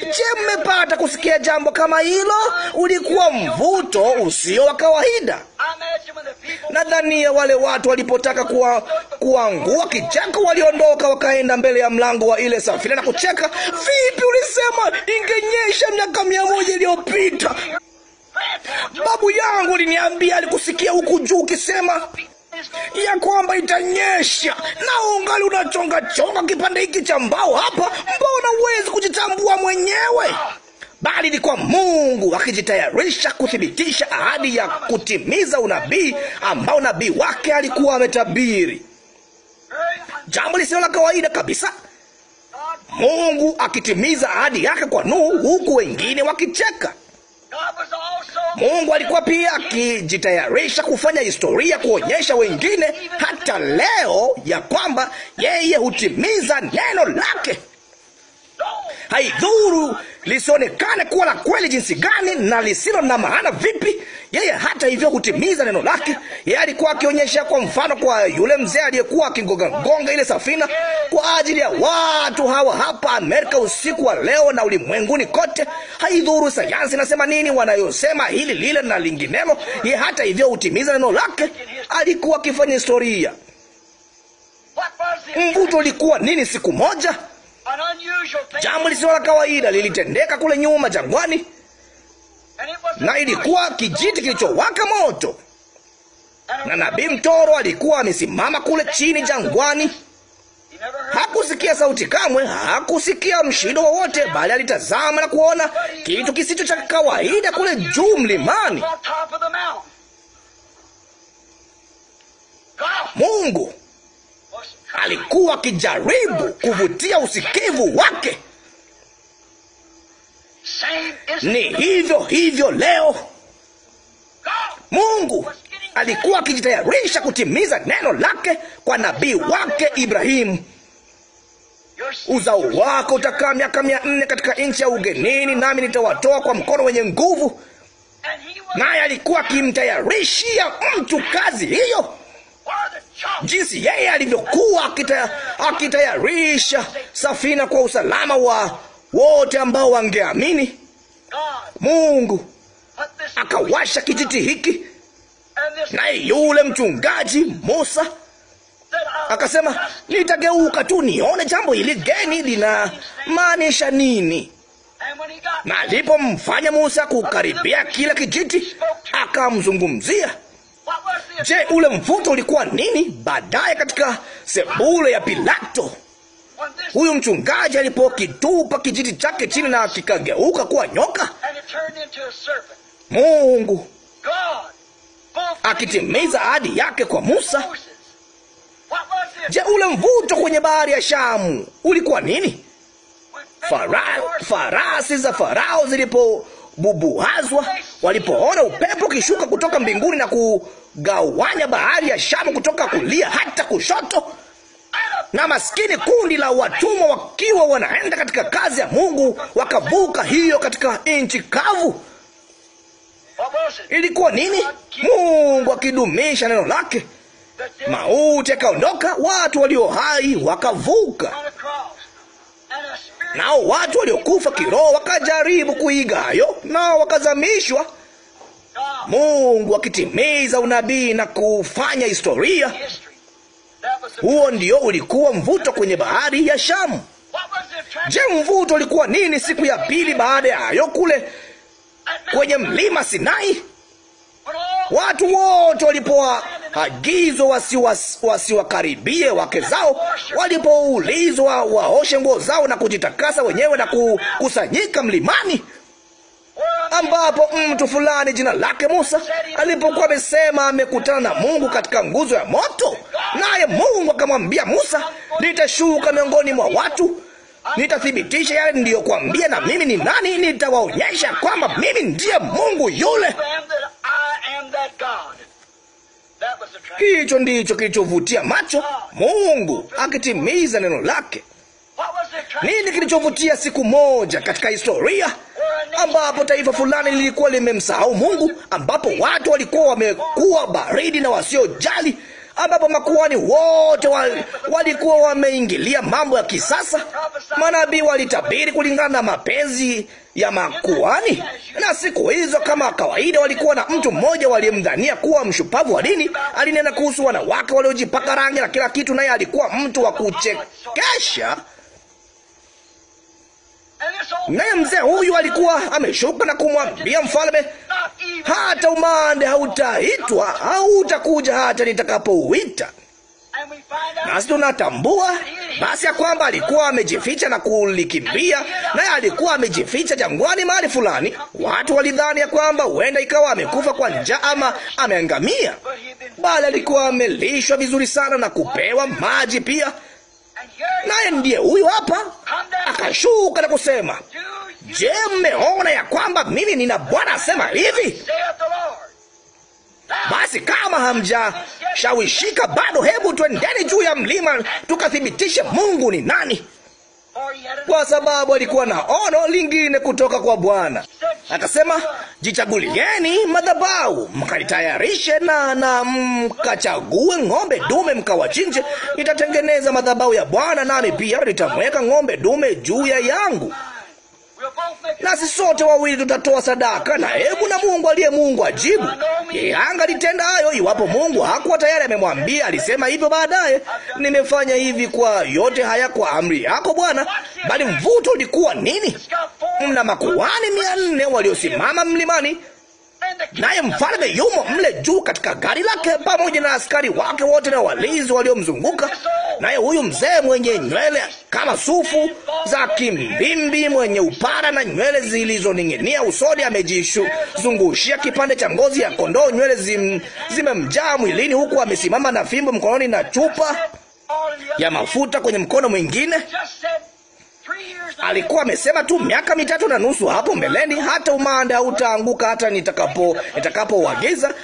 Je, mmepata kusikia jambo kama hilo? Ulikuwa mvuto usio wa kawaida. Nadhania wale watu walipotaka kuwa, kuangua kicheko waliondoka wakaenda mbele ya mlango wa ile safina na kucheka. Vipi, ulisema ingenyesha miaka mia moja iliyopita? Babu yangu aliniambia alikusikia huku juu ukisema ya kwamba itanyesha, na ungali unachongachonga kipande hiki cha mbao hapa, mbona uwezi kujitambua mwenyewe? Bali ni kwa Mungu akijitayarisha kuthibitisha ahadi ya kutimiza unabii ambao nabii wake alikuwa ametabiri, jambo lisilo la kawaida kabisa. Mungu akitimiza ahadi yake kwa Nuhu, huku wengine wakicheka. Mungu alikuwa pia akijitayarisha kufanya historia, kuonyesha wengine hata leo ya kwamba yeye hutimiza neno lake haidhuru lisionekane kuwa la kweli jinsi gani na lisilo na maana vipi, yeye hata hivyo hutimiza neno lake. Yeye alikuwa akionyesha kwa mfano kwa yule mzee aliyekuwa akingongagonga ile safina kwa ajili ya watu hawa hapa Amerika usiku wa leo na ulimwenguni kote. Haidhuru sayansi nasema nini, wanayosema hili lile na linginelo, yeye hata hivyo hutimiza neno lake. Alikuwa akifanya historia. Mvuto ulikuwa nini siku moja Jambo lisilo la kawaida lilitendeka kule nyuma jangwani, na ilikuwa kijiti kilichowaka moto, na nabii mtoro alikuwa amesimama kule chini jangwani. Hakusikia sauti kamwe, hakusikia mshindo wowote, bali alitazama na kuona kitu kisicho cha kawaida kule juu mlimani. Mungu alikuwa akijaribu kuvutia usikivu wake. Ni hivyo hivyo leo. Mungu alikuwa akijitayarisha kutimiza neno lake kwa nabii wake Ibrahimu. Uzao wako utakaa miaka mia nne katika nchi ya ugenini, nami nitawatoa kwa mkono wenye nguvu. Naye alikuwa akimtayarishia mtu kazi hiyo jinsi yeye alivyokuwa akitayarisha akita safina kwa usalama wa wote ambao wangeamini. Mungu akawasha kijiti hiki, naye yule mchungaji Musa akasema, nitageuka tu nione jambo hili geni linamaanisha nini. Na alipomfanya Musa kukaribia kila kijiti, akamzungumzia Je, ule mvuto ulikuwa nini? Baadaye katika sebule ya Pilato, huyu mchungaji alipokitupa kijiti chake chini na kikageuka kuwa nyoka, Mungu akitimiza ahadi yake kwa Musa. Je, ule mvuto kwenye bahari ya Shamu ulikuwa nini? Fara, farasi za Farao zilipo bubuhazwa walipoona upepo ukishuka kutoka mbinguni na kugawanya bahari ya Shamu kutoka kulia hata kushoto, na maskini kundi la watumwa wakiwa wanaenda katika kazi ya Mungu wakavuka hiyo katika nchi kavu. Ilikuwa nini? Mungu akidumisha neno lake, mauti yakaondoka, watu walio hai wakavuka Nao watu waliokufa kiroho wakajaribu kuiga hayo, nao wakazamishwa. Mungu akitimiza unabii na kufanya historia. Huo ndio ulikuwa mvuto kwenye bahari ya Shamu. Je, mvuto ulikuwa nini siku ya pili baada ya hayo kule kwenye mlima Sinai? Watu wote walipoa agizo wasiwakaribie wasi wake zao. Walipoulizwa waoshe nguo zao na kujitakasa wenyewe na kukusanyika mlimani, ambapo mtu fulani jina lake Musa alipokuwa amesema amekutana na Mungu katika nguzo ya moto, naye Mungu akamwambia Musa, nitashuka miongoni mwa watu nitathibitisha yale niliyokuambia, na mimi ni nani. Nitawaonyesha kwamba mimi ndiye Mungu yule. Hicho ndicho kilichovutia macho Mungu akitimiza neno lake. Nini kilichovutia siku moja katika historia ambapo taifa fulani lilikuwa limemsahau Mungu, ambapo watu walikuwa wamekuwa baridi na wasiojali ambapo makuhani wote walikuwa wameingilia mambo ya kisasa. Manabii walitabiri kulingana na mapenzi ya makuhani, na siku hizo kama kawaida, walikuwa na mtu mmoja waliyemdhania kuwa mshupavu wa dini. Alinena kuhusu wanawake waliojipaka rangi na kila kitu, naye alikuwa mtu wa kuchekesha. Naye mzee huyu alikuwa ameshuka na kumwambia mfalme, hata umande hautaitwa, hautakuja hata nitakapouita. Nasi tunatambua basi ya kwamba alikuwa amejificha na kulikimbia, naye alikuwa amejificha jangwani mahali fulani. Watu walidhani ya kwamba huenda ikawa amekufa kwa njaa ama ameangamia, bali alikuwa amelishwa vizuri sana na kupewa maji pia naye ndiye huyu hapa. Akashuka na kusema, Je, mmeona ya kwamba mimi nina Bwana asema hivi? Basi kama hamjashawishika bado, hebu twendeni juu ya mlima tukathibitishe Mungu ni nani kwa sababu alikuwa na ono lingine kutoka kwa Bwana. Akasema, jichagulieni madhabahu mkalitayarishe, na na mkachague ng'ombe dume mkawachinje. Nitatengeneza madhabahu ya Bwana, nami pia nitamweka ng'ombe dume juu ya yangu nasi sote wawili tutatoa sadaka, na hebu na Mungu aliye Mungu ajibu. yanga litenda hayo iwapo Mungu hakuwa tayari amemwambia. Alisema hivyo baadaye, nimefanya hivi kwa yote haya kwa amri yako Bwana. Bali mvuto ulikuwa nini? Mna makuhani mia nne waliosimama mlimani naye mfalme yumo mle juu katika gari lake pamoja na askari wake wote na walinzi waliomzunguka. Naye huyu mzee mwenye nywele kama sufu za kimbimbi, mwenye upara na nywele zilizoning'inia usoni, amejizungushia kipande cha ngozi ya kondoo, nywele zim, zimemjaa mwilini, huku amesimama na fimbo mkononi na chupa ya mafuta kwenye mkono mwingine alikuwa amesema tu miaka mitatu na nusu hapo mbeleni, hata umande hautaanguka hata nitakapo nitakapouagiza,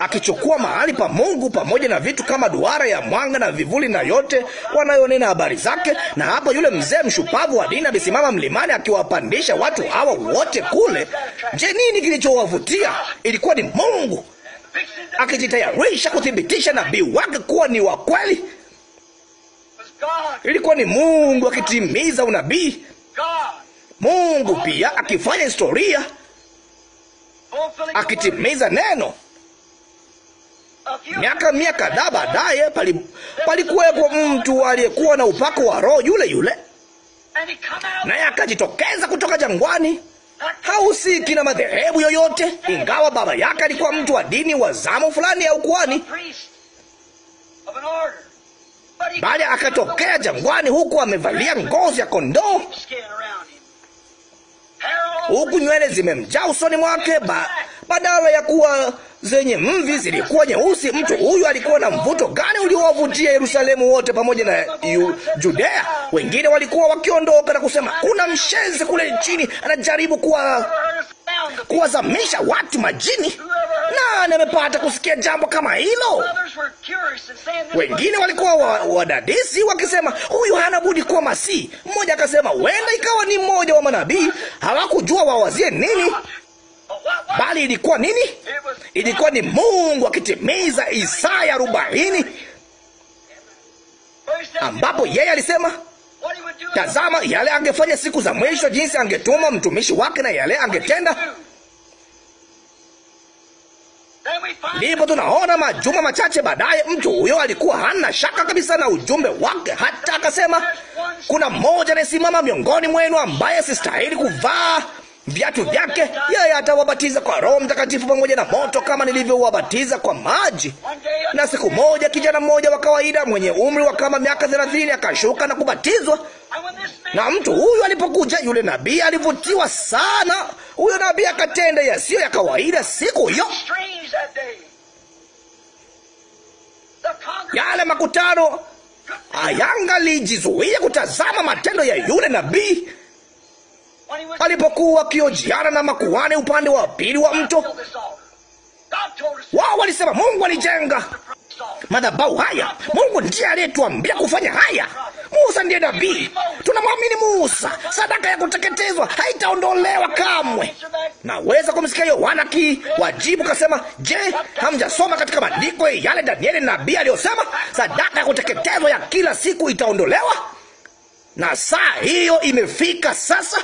akichukua mahali pa Mungu pamoja na vitu kama duara ya mwanga na vivuli na yote wanayonena habari zake. Na hapo yule mzee mshupavu wa dini amesimama mlimani akiwapandisha watu hawa wote kule. Je, nini kilichowavutia? Ilikuwa ni Mungu akijitayarisha kuthibitisha nabii wake kuwa ni wa kweli. Ilikuwa ni Mungu akitimiza unabii, Mungu pia akifanya historia, akitimiza neno. Miaka mia kadhaa baadaye, palikuwepo mtu aliyekuwa na upako wa Roho yule yule, naye akajitokeza kutoka jangwani. Hausiki na madhehebu yoyote, ingawa baba yake alikuwa mtu wa dini wa zamu fulani ya kuhani bali akatokea jangwani, huku amevalia ngozi ya kondoo, huku nywele zimemjaa usoni mwake, ba badala ya kuwa zenye mvi zilikuwa nyeusi. Mtu huyu alikuwa na mvuto gani uliowavutia Yerusalemu wote pamoja na yu, Judea? Wengine walikuwa wakiondoka na kusema kuna mshenzi kule chini anajaribu kuwa kuwazamisha watu majini. Nani amepata kusikia jambo kama hilo? Wengine walikuwa wadadisi wa wakisema huyu hana budi kuwa Masihi. Mmoja akasema huenda ikawa ni mmoja wa manabii. Hawakujua wawazie nini, bali ilikuwa nini? Ilikuwa ni Mungu akitimiza Isaya arobaini ambapo yeye alisema tazama, yale angefanya siku za mwisho, jinsi angetuma mtumishi wake na yale angetenda Ndipo tunaona majuma machache baadaye, mtu huyo alikuwa hana shaka kabisa na ujumbe wake, hata akasema kuna mmoja anayesimama miongoni mwenu ambaye sistahili kuvaa viatu vyake, yeye atawabatiza kwa Roho Mtakatifu pamoja na moto, kama nilivyowabatiza kwa maji. Na siku moja kijana mmoja wa kawaida mwenye umri wa kama miaka thelathini akashuka na kubatizwa na mtu huyu alipokuja, yule nabii alivutiwa sana. Huyo nabii akatenda yasiyo ya kawaida siku hiyo. Yale makutano ayangalijizuia kutazama matendo ya yule nabii alipokuwa akiojiana na makuhani upande wa pili wa mto. Wao walisema Mungu alijenga madhabahu haya. Mungu ndiye aliyetuambia kufanya haya. Musa ndiye nabii, tunamwamini Musa. Sadaka ya kuteketezwa haitaondolewa kamwe. Naweza kumsikia Yohana ki wajibu kasema, je, hamjasoma katika maandiko yale Danieli nabii aliyosema sadaka ya kuteketezwa ya kila siku itaondolewa? na saa hiyo imefika sasa.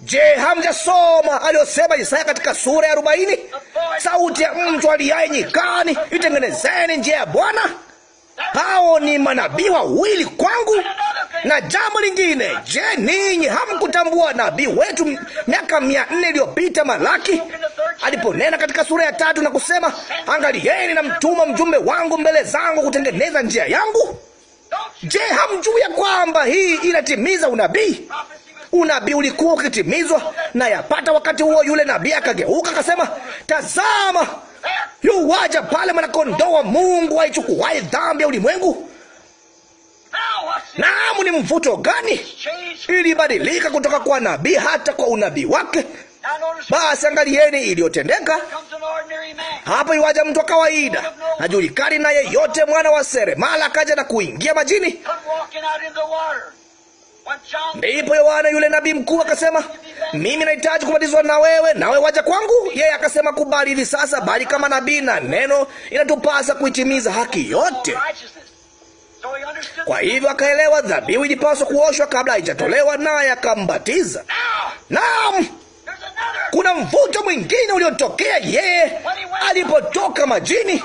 Je, hamjasoma aliyosema Isaya katika sura ya arobaini? Sauti ya mtu aliaye nyikani, itengenezeni njia ya Bwana. Hao ni manabii wawili kwangu. Na jambo lingine, je, ninyi hamkutambua nabii wetu miaka mia nne iliyopita Malaki aliponena katika sura ya tatu na kusema, angalieni, namtuma mjumbe wangu mbele zangu kutengeneza njia yangu Je, hamjui ya kwamba hii inatimiza unabii? Unabii ulikuwa ukitimizwa, na yapata wakati huo yule nabii akageuka akasema, tazama yuwaja pale mwanakondoo wa Mungu aichukuaye dhambi ya ulimwengu. naamu ni mvuto gani? Ilibadilika kutoka kwa nabii hata kwa unabii wake. Basi angalieni iliyotendeka hapo. Iwaja mtu wa kawaida, hajulikani na yeyote, mwana wa seremala, akaja na kuingia majini. Ndipo Yohana yule nabii mkuu akasema, mimi nahitaji kubatizwa na wewe, nawe waja kwangu? Yeye akasema, kubali hivi sasa, bali kama nabii na neno, inatupasa kuitimiza haki yote. Kwa hivyo akaelewa dhabihu ilipaswa kuoshwa kabla haijatolewa, naye akambatiza. Naam. Kuna mvuto mwingine uliotokea yeye alipotoka majini.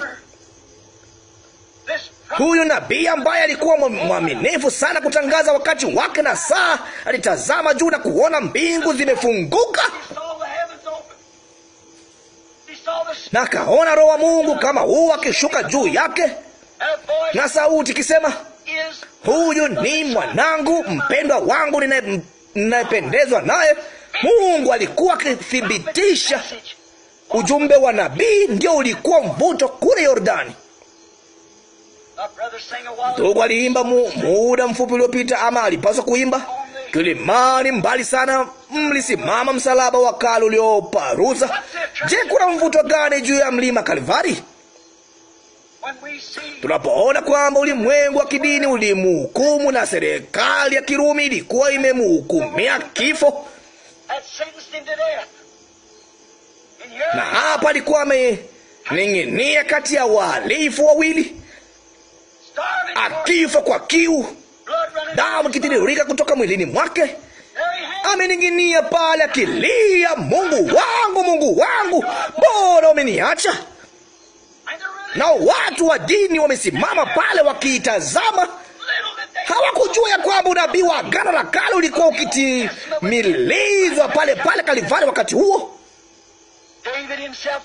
Huyu nabii ambaye alikuwa mwaminifu sana kutangaza wakati wake na saa, alitazama juu na kuona mbingu zimefunguka na akaona Roho wa Mungu kama huu akishuka juu yake na sauti ikisema, huyu ni mwanangu mpendwa wangu ninayependezwa naye. Mungu alikuwa akithibitisha ujumbe wa nabii, ndio ulikuwa mvuto kule Yordani. Ndugu aliimba muda mfupi uliopita, ama alipaswa kuimba kilimani mbali sana, mlisimama msalaba wa kale ulioparuza. Je, kuna mvuto gani juu ya mlima Kalvari? Tunapoona kwamba ulimwengu wa kidini ulimhukumu na serikali ya Kirumi ilikuwa imemhukumia kifo, na hapa alikuwa amening'inia kati ya wahalifu wawili, akifa kwa kiu, damu ikitiririka kutoka mwilini mwake. Amening'inia pale akilia, Mungu wangu, Mungu wangu, mbona umeniacha? Na watu wa dini wamesimama pale wakiitazama Hawakujua ya kwamba unabii wa Agano la Kale ulikuwa ukitimilizwa pale pale Kalivari wakati huo.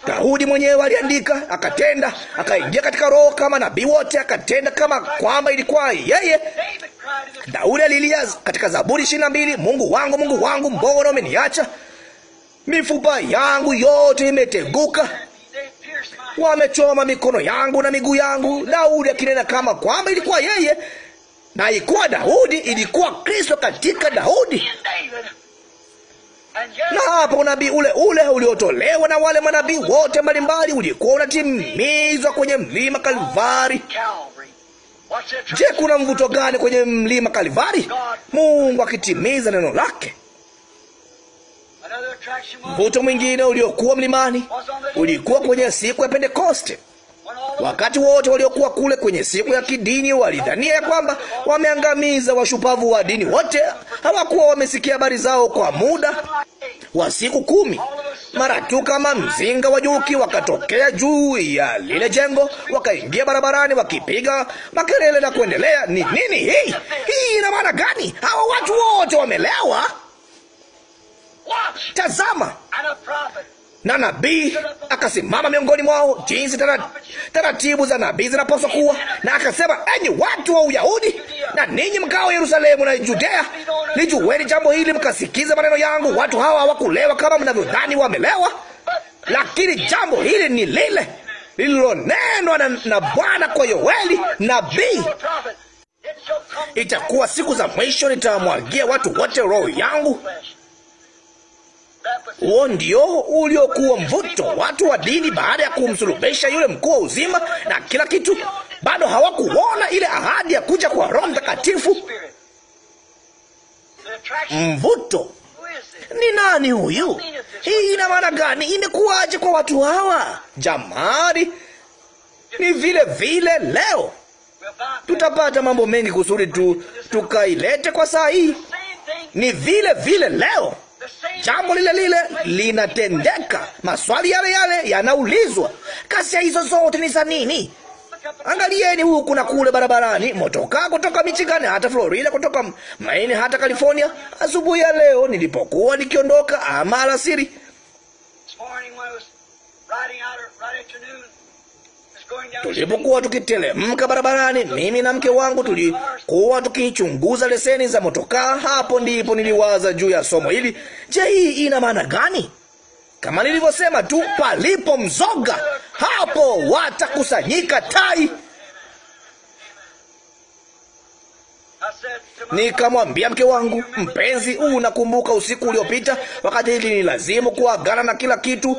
Daudi mwenyewe aliandika, akatenda, akaingia katika roho kama nabii wote, akatenda kama kwamba ilikuwa yeye. Daudi alilia katika Zaburi ishirini na mbili, Mungu wangu, Mungu wangu, mbona umeniacha? Mifupa yangu yote imeteguka, wamechoma mikono yangu na miguu yangu. Daudi akinena kama kwamba ilikuwa yeye na ikuwa Daudi, ilikuwa Kristo katika Daudi. Na hapo unabii ule ule uliotolewa na wale manabii wote mbalimbali ulikuwa unatimizwa kwenye mlima Kalvari. Je, kuna mvuto gani kwenye mlima Kalvari? Mungu akitimiza neno lake. Mvuto mwingine uliokuwa mlimani ulikuwa kwenye siku ya Pentekoste. Wakati wote waliokuwa kule kwenye siku ya kidini walidhania ya kwamba wameangamiza washupavu wa dini wote. Hawakuwa wamesikia habari zao kwa muda wa siku kumi. Mara tu kama mzinga wa nyuki wakatokea juu ya lile jengo, wakaingia barabarani wakipiga makelele na kuendelea. Ni nini hii? Hii ina maana gani? Hawa watu wote wamelewa. Tazama, na nabii akasimama miongoni mwao, jinsi taratibu za nabii zinapaswa kuwa, na akasema, enyi watu wa Uyahudi na ninyi mkao Yerusalemu na Judea, lijueni jambo hili, mkasikiza maneno yangu. Watu hawa hawakulewa kama mnavyodhani wamelewa, lakini jambo hili ni lile lililonenwa na, na Bwana kwa Yoeli nabii Itakuwa siku za mwisho, nitamwagia watu wote roho yangu, huo ndio uliokuwa mvuto. Watu wa dini, baada ya kumsulubisha yule mkuu wa uzima na kila kitu, bado hawakuona ile ahadi ya kuja kwa Roho Mtakatifu. Mvuto ni nani huyu? Hii ina maana gani? Imekuwaje kwa watu hawa jamani? Ni vile vile leo tutapata mambo mengi kusudi tu tukailete kwa saa hii. Ni vile vile leo jambo lile lile linatendeka, maswali yale yale yanaulizwa. Kasia hizo zote ni za nini? Angalieni huku na kule barabarani, motoka kutoka Michigan hata Florida, kutoka Maine hata California. Asubuhi ya leo nilipokuwa nikiondoka, ama alasiri Tulipokuwa tukitelemka barabarani, mimi na mke wangu tulikuwa tukichunguza leseni za motokaa. Hapo ndipo niliwaza juu ya somo hili. Je, hii ina maana gani? Kama nilivyosema tu, palipo mzoga, hapo watakusanyika tai. Nikamwambia mke wangu mpenzi, unakumbuka usiku uliopita, wakati hili ni lazimu kuagana na kila kitu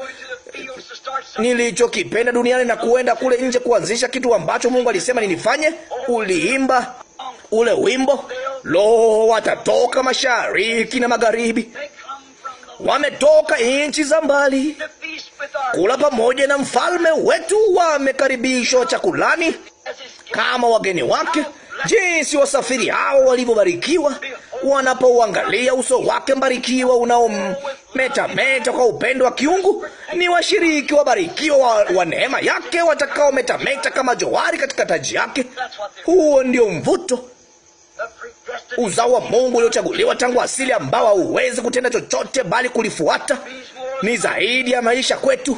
nilichokipenda duniani na kuenda kule nje kuanzisha kitu ambacho Mungu alisema ninifanye. Uliimba ule wimbo, lo, watatoka mashariki na magharibi wametoka nchi za mbali kula pamoja na mfalme wetu, wamekaribishwa chakulani kama wageni wake. Jinsi wasafiri hao walivyobarikiwa wanapouangalia uso wake mbarikiwa meta kwa upendo wa kiungu. Ni washiriki wabarikiwa wa, wa neema yake meta kama johari katika taji yake. Huo ndio mvuto uzao wa Mungu uliochaguliwa tangu asili, ambao hauwezi kutenda chochote bali kulifuata. Ni zaidi ya maisha kwetu,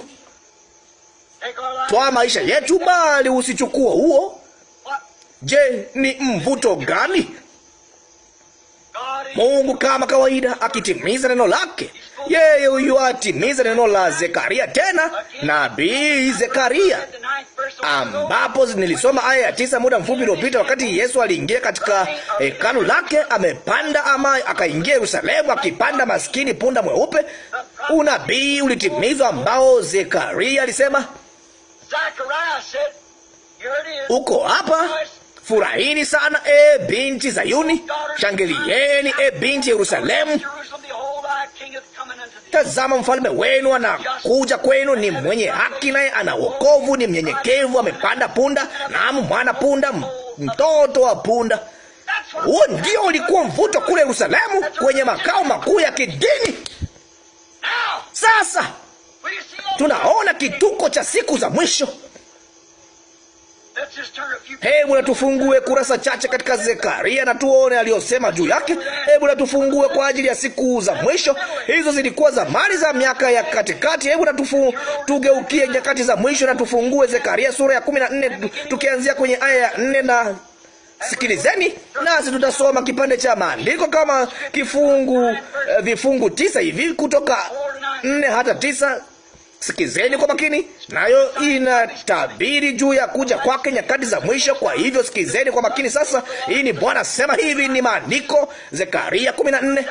twa maisha yetu, bali usichukue huo Je, ni mvuto gani? Mungu kama kawaida akitimiza neno lake. Yeye huyu atimiza neno la Zekaria, tena nabii Zekaria, ambapo nilisoma aya ya tisa muda mfupi uliopita, wakati Yesu aliingia katika hekalu lake, amepanda ama akaingia Yerusalemu akipanda maskini punda mweupe. Unabii ulitimizwa ambao Zekaria alisema uko hapa Furahini sana, e binti Zayuni, shangilieni, e binti Yerusalemu. Tazama, mfalme wenu anakuja kwenu, ni mwenye haki, naye ana wokovu, ni mnyenyekevu, amepanda punda, naam, mwana punda, mtoto wa punda. Huo ndio ulikuwa mvuto kule Yerusalemu, kwenye makao makuu ya kidini. Sasa tunaona kituko cha siku za mwisho. Hebu na tufungue kurasa chache katika Zekaria na tuone aliyosema juu yake. Hebu na tufungue kwa ajili ya siku za mwisho. Hizo zilikuwa zamani za miaka ya katikati. Hebu na tufu, tugeukie nyakati za mwisho na tufungue Zekaria sura ya kumi na nne tukianzia kwenye aya ya nne na Sikilizeni nasi tutasoma kipande cha maandiko kama kifungu, eh, vifungu tisa hivi kutoka nne hata tisa Sikizeni kwa makini, nayo inatabiri juu ya kuja kwake nyakati za mwisho. Kwa hivyo sikizeni kwa makini sasa. Hii ni Bwana sema hivi, ni maandiko Zekaria 14.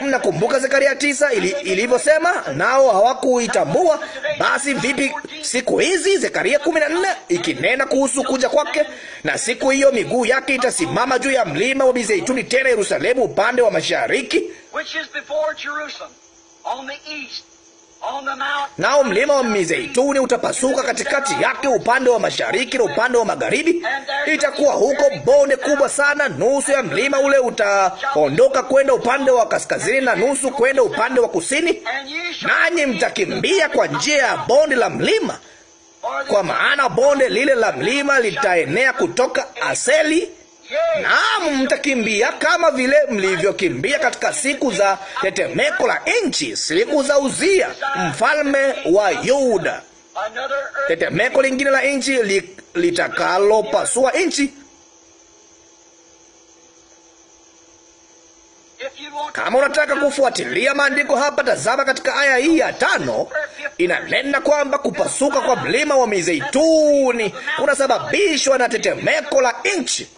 Mnakumbuka Zekaria tisa ili, ilivyosema nao hawakuitambua. Basi vipi siku hizi? Zekaria 14 ikinena kuhusu kuja kwake, na siku hiyo miguu yake itasimama juu ya mlima wa Mizeituni, tena Yerusalemu upande wa mashariki On the east. Nao mlima wa Mizeituni utapasuka katikati yake, upande wa mashariki na upande wa magharibi. Itakuwa huko bonde kubwa sana. Nusu ya mlima ule utaondoka kwenda upande wa kaskazini na nusu kwenda upande wa kusini, nanyi mtakimbia kwa njia ya bonde la mlima, kwa maana bonde lile la mlima litaenea kutoka Aseli Naam, mtakimbia kama vile mlivyokimbia katika siku za tetemeko la nchi, siku za Uzia mfalme wa Yuda. Tetemeko lingine la nchi li, litakalopasua nchi. Kama unataka kufuatilia maandiko hapa, tazama katika aya hii ya tano, inanena kwamba kupasuka kwa mlima wa Mizeituni kunasababishwa na tetemeko la nchi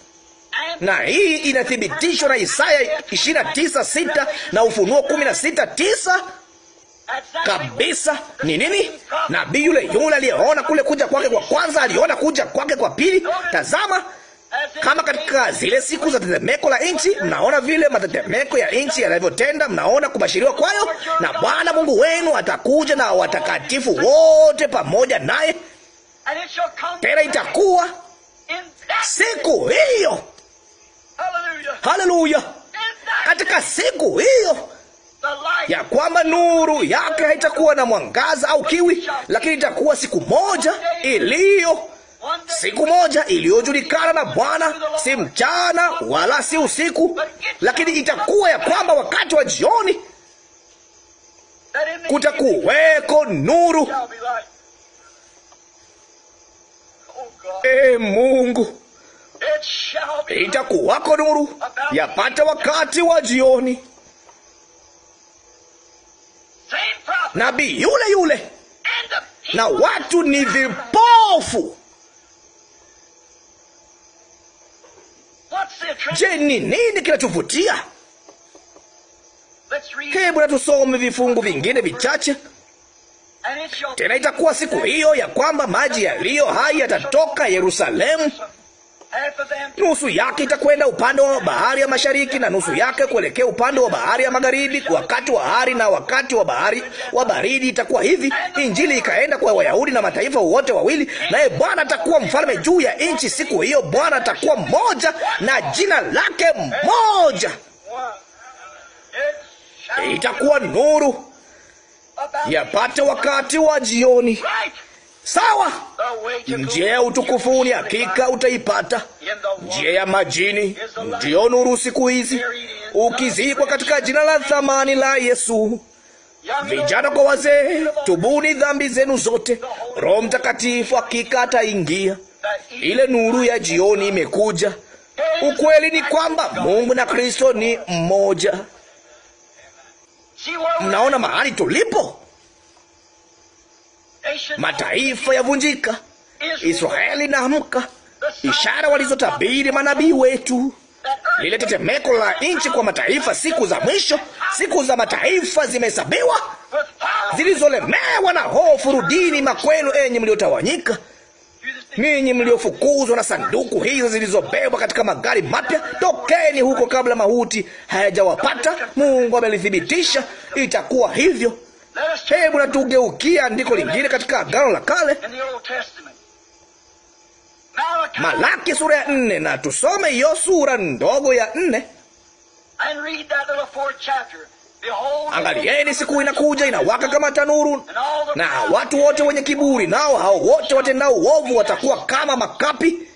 na hii inathibitishwa na Isaya 29:6 na Ufunuo 16:9 kabisa. Ni nini? Nabii yule yule aliyeona kule kuja kwake kwa kwanza aliona kuja kwake kwa pili. Tazama, kama katika zile siku za tetemeko la nchi, mnaona vile matetemeko ya nchi yanavyotenda, mnaona kubashiriwa kwayo, na Bwana Mungu wenu atakuja na watakatifu wote pamoja naye. Tena itakuwa siku hiyo Haleluya! Katika siku hiyo ya kwamba nuru yake haitakuwa na mwangaza au kiwi, lakini itakuwa siku moja iliyo siku moja iliyojulikana na Bwana, si mchana wala si usiku, lakini itakuwa ya kwamba wakati wa jioni kutakuweko nuru. E Mungu, itakuwako nuru, yapata wakati wa jioni. Nabii yule yule, na watu ni vipofu. Je, ni nini kinachovutia? Hebu na tusome vifungu vingine vichache tena. Itakuwa siku hiyo ya kwamba maji yaliyo hai yatatoka Yerusalemu nusu yake itakwenda upande wa bahari ya mashariki na nusu yake kuelekea upande wa bahari ya magharibi. Wakati wa hari na wakati wa bahari wa baridi itakuwa hivi. Injili ikaenda kwa Wayahudi na mataifa wote wawili, naye Bwana atakuwa mfalme juu ya nchi. Siku hiyo Bwana atakuwa mmoja na jina lake mmoja, itakuwa nuru yapate wakati wa jioni. Sawa, njia ya utukufuni hakika utaipata. Njia ya majini ndiyo nuru siku hizi, ukizikwa katika jina la thamani la Yesu. Vijana kwa wazee, tubuni dhambi zenu zote. Roho Mtakatifu hakika ataingia. Ile nuru ya jioni imekuja. Ukweli ni kwamba Mungu na Kristo ni mmoja. Mnaona mahali tulipo? mataifa yavunjika, Israeli inaamka, ishara walizotabiri manabii wetu, lile tetemeko la nchi kwa mataifa, siku za mwisho, siku za mataifa zimehesabiwa, zilizolemewa na hofu. Rudini makwenu, enyi mliotawanyika, ninyi mliofukuzwa na sanduku hizo zilizobebwa katika magari mapya, tokeni huko kabla mauti hayajawapata. Mungu amelithibitisha, itakuwa hivyo. Hebu na tugeukia andiko lingine katika Agano la Kale, Malaki sura ya nne, na tusome hiyo sura ndogo ya nne. Angalieni, siku inakuja inawaka kama tanuru, na watu wote wenye kiburi, nao hao wote watendao uovu watakuwa kama makapi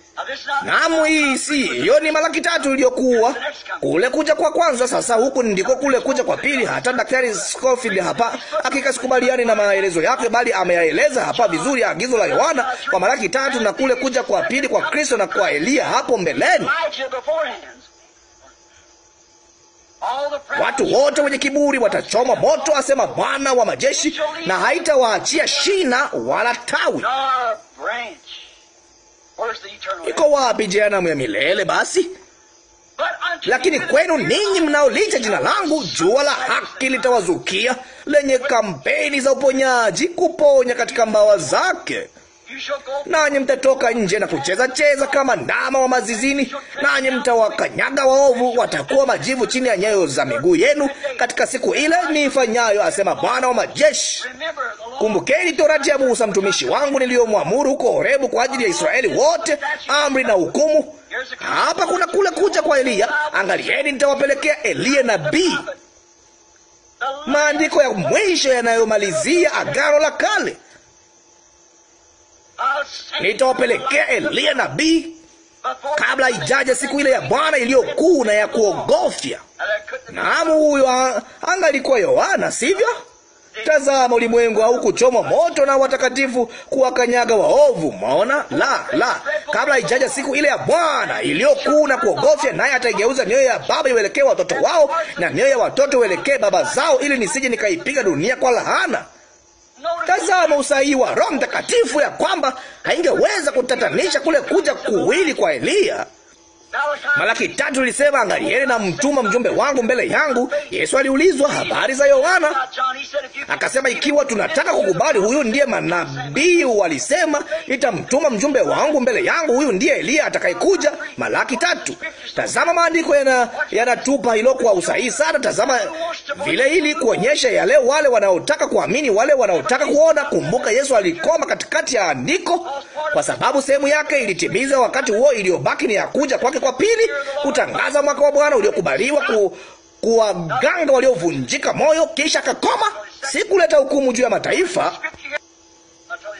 Naam, hii si hiyo, ni Malaki tatu iliyokuwa kule kuja kwa kwanza. Sasa huku ndiko kule kuja kwa pili. Hata daktari Scofield hapa, hakika sikubaliani na maelezo yake, bali ameyaeleza hapa vizuri ya agizo la Yohana kwa Malaki tatu na kule kuja kwa pili kwa Kristo na kwa elia hapo mbeleni. Watu wote wenye kiburi watachoma moto, asema Bwana wa majeshi, na haitawaachia shina wala tawi iko wapi jehanamu ya milele basi? Lakini kwenu ninyi mnaolicha jina langu, jua la haki litawazukia, lenye kampeni za uponyaji, kuponya katika mbawa zake nanyi mtatoka nje na kucheza cheza kama ndama wa mazizini, nanyi mtawakanyaga waovu, watakuwa majivu chini ya nyayo za miguu yenu katika siku ile niifanyayo, asema Bwana wa majeshi. Kumbukeni torati ya Musa mtumishi wangu niliyomwamuru huko Horebu kwa ajili ya Israeli wote, amri na hukumu. Hapa kuna kule kuja kwa Eliya. Angalieni, nitawapelekea Eliya nabii, maandiko ya mwisho yanayomalizia agano la kale nitawapelekea Eliya nabii kabla ijaje siku ile ya Bwana iliyokuu na ya kuogofya. Naam, huyo angalikuwa Yohana, sivyo? Tazama, ulimwengu au kuchomwa moto na watakatifu kuwakanyaga waovu. Maona La, la, kabla ijaja siku ile ya Bwana iliyokuu na kuogofya, naye ataigeuza mioyo ya baba iwelekee watoto wao na mioyo ya watoto iwelekee baba zao, ili nisije nikaipiga dunia kwa lahana. Tazama usahihi wa Roho Mtakatifu, ya kwamba haingeweza kutatanisha kule kuja kuwili kwa Eliya. Malaki tatu lisema, angalieni na mtuma mjumbe wangu mbele yangu. Yesu aliulizwa habari za Yohana, akasema, ikiwa tunataka kukubali, huyu ndiye manabii walisema, nitamtuma mjumbe wangu mbele yangu, huyu ndiye Eliya atakayekuja. Malaki tatu. Tazama, maandiko yanatupa yana hilo kwa usahihi sana. Tazama vile, ili kuonyesha yale wale wanaotaka kuamini, wale wanaotaka kuona. Kumbuka Yesu alikoma katikati ya andiko, kwa sababu sehemu yake ilitimiza. Wakati huo iliyobaki ni ya kuja kwake wa pili, kutangaza mwaka wa Bwana uliokubaliwa, ku, kuwaganga waliovunjika moyo. Kisha akakoma, si kuleta hukumu juu ya mataifa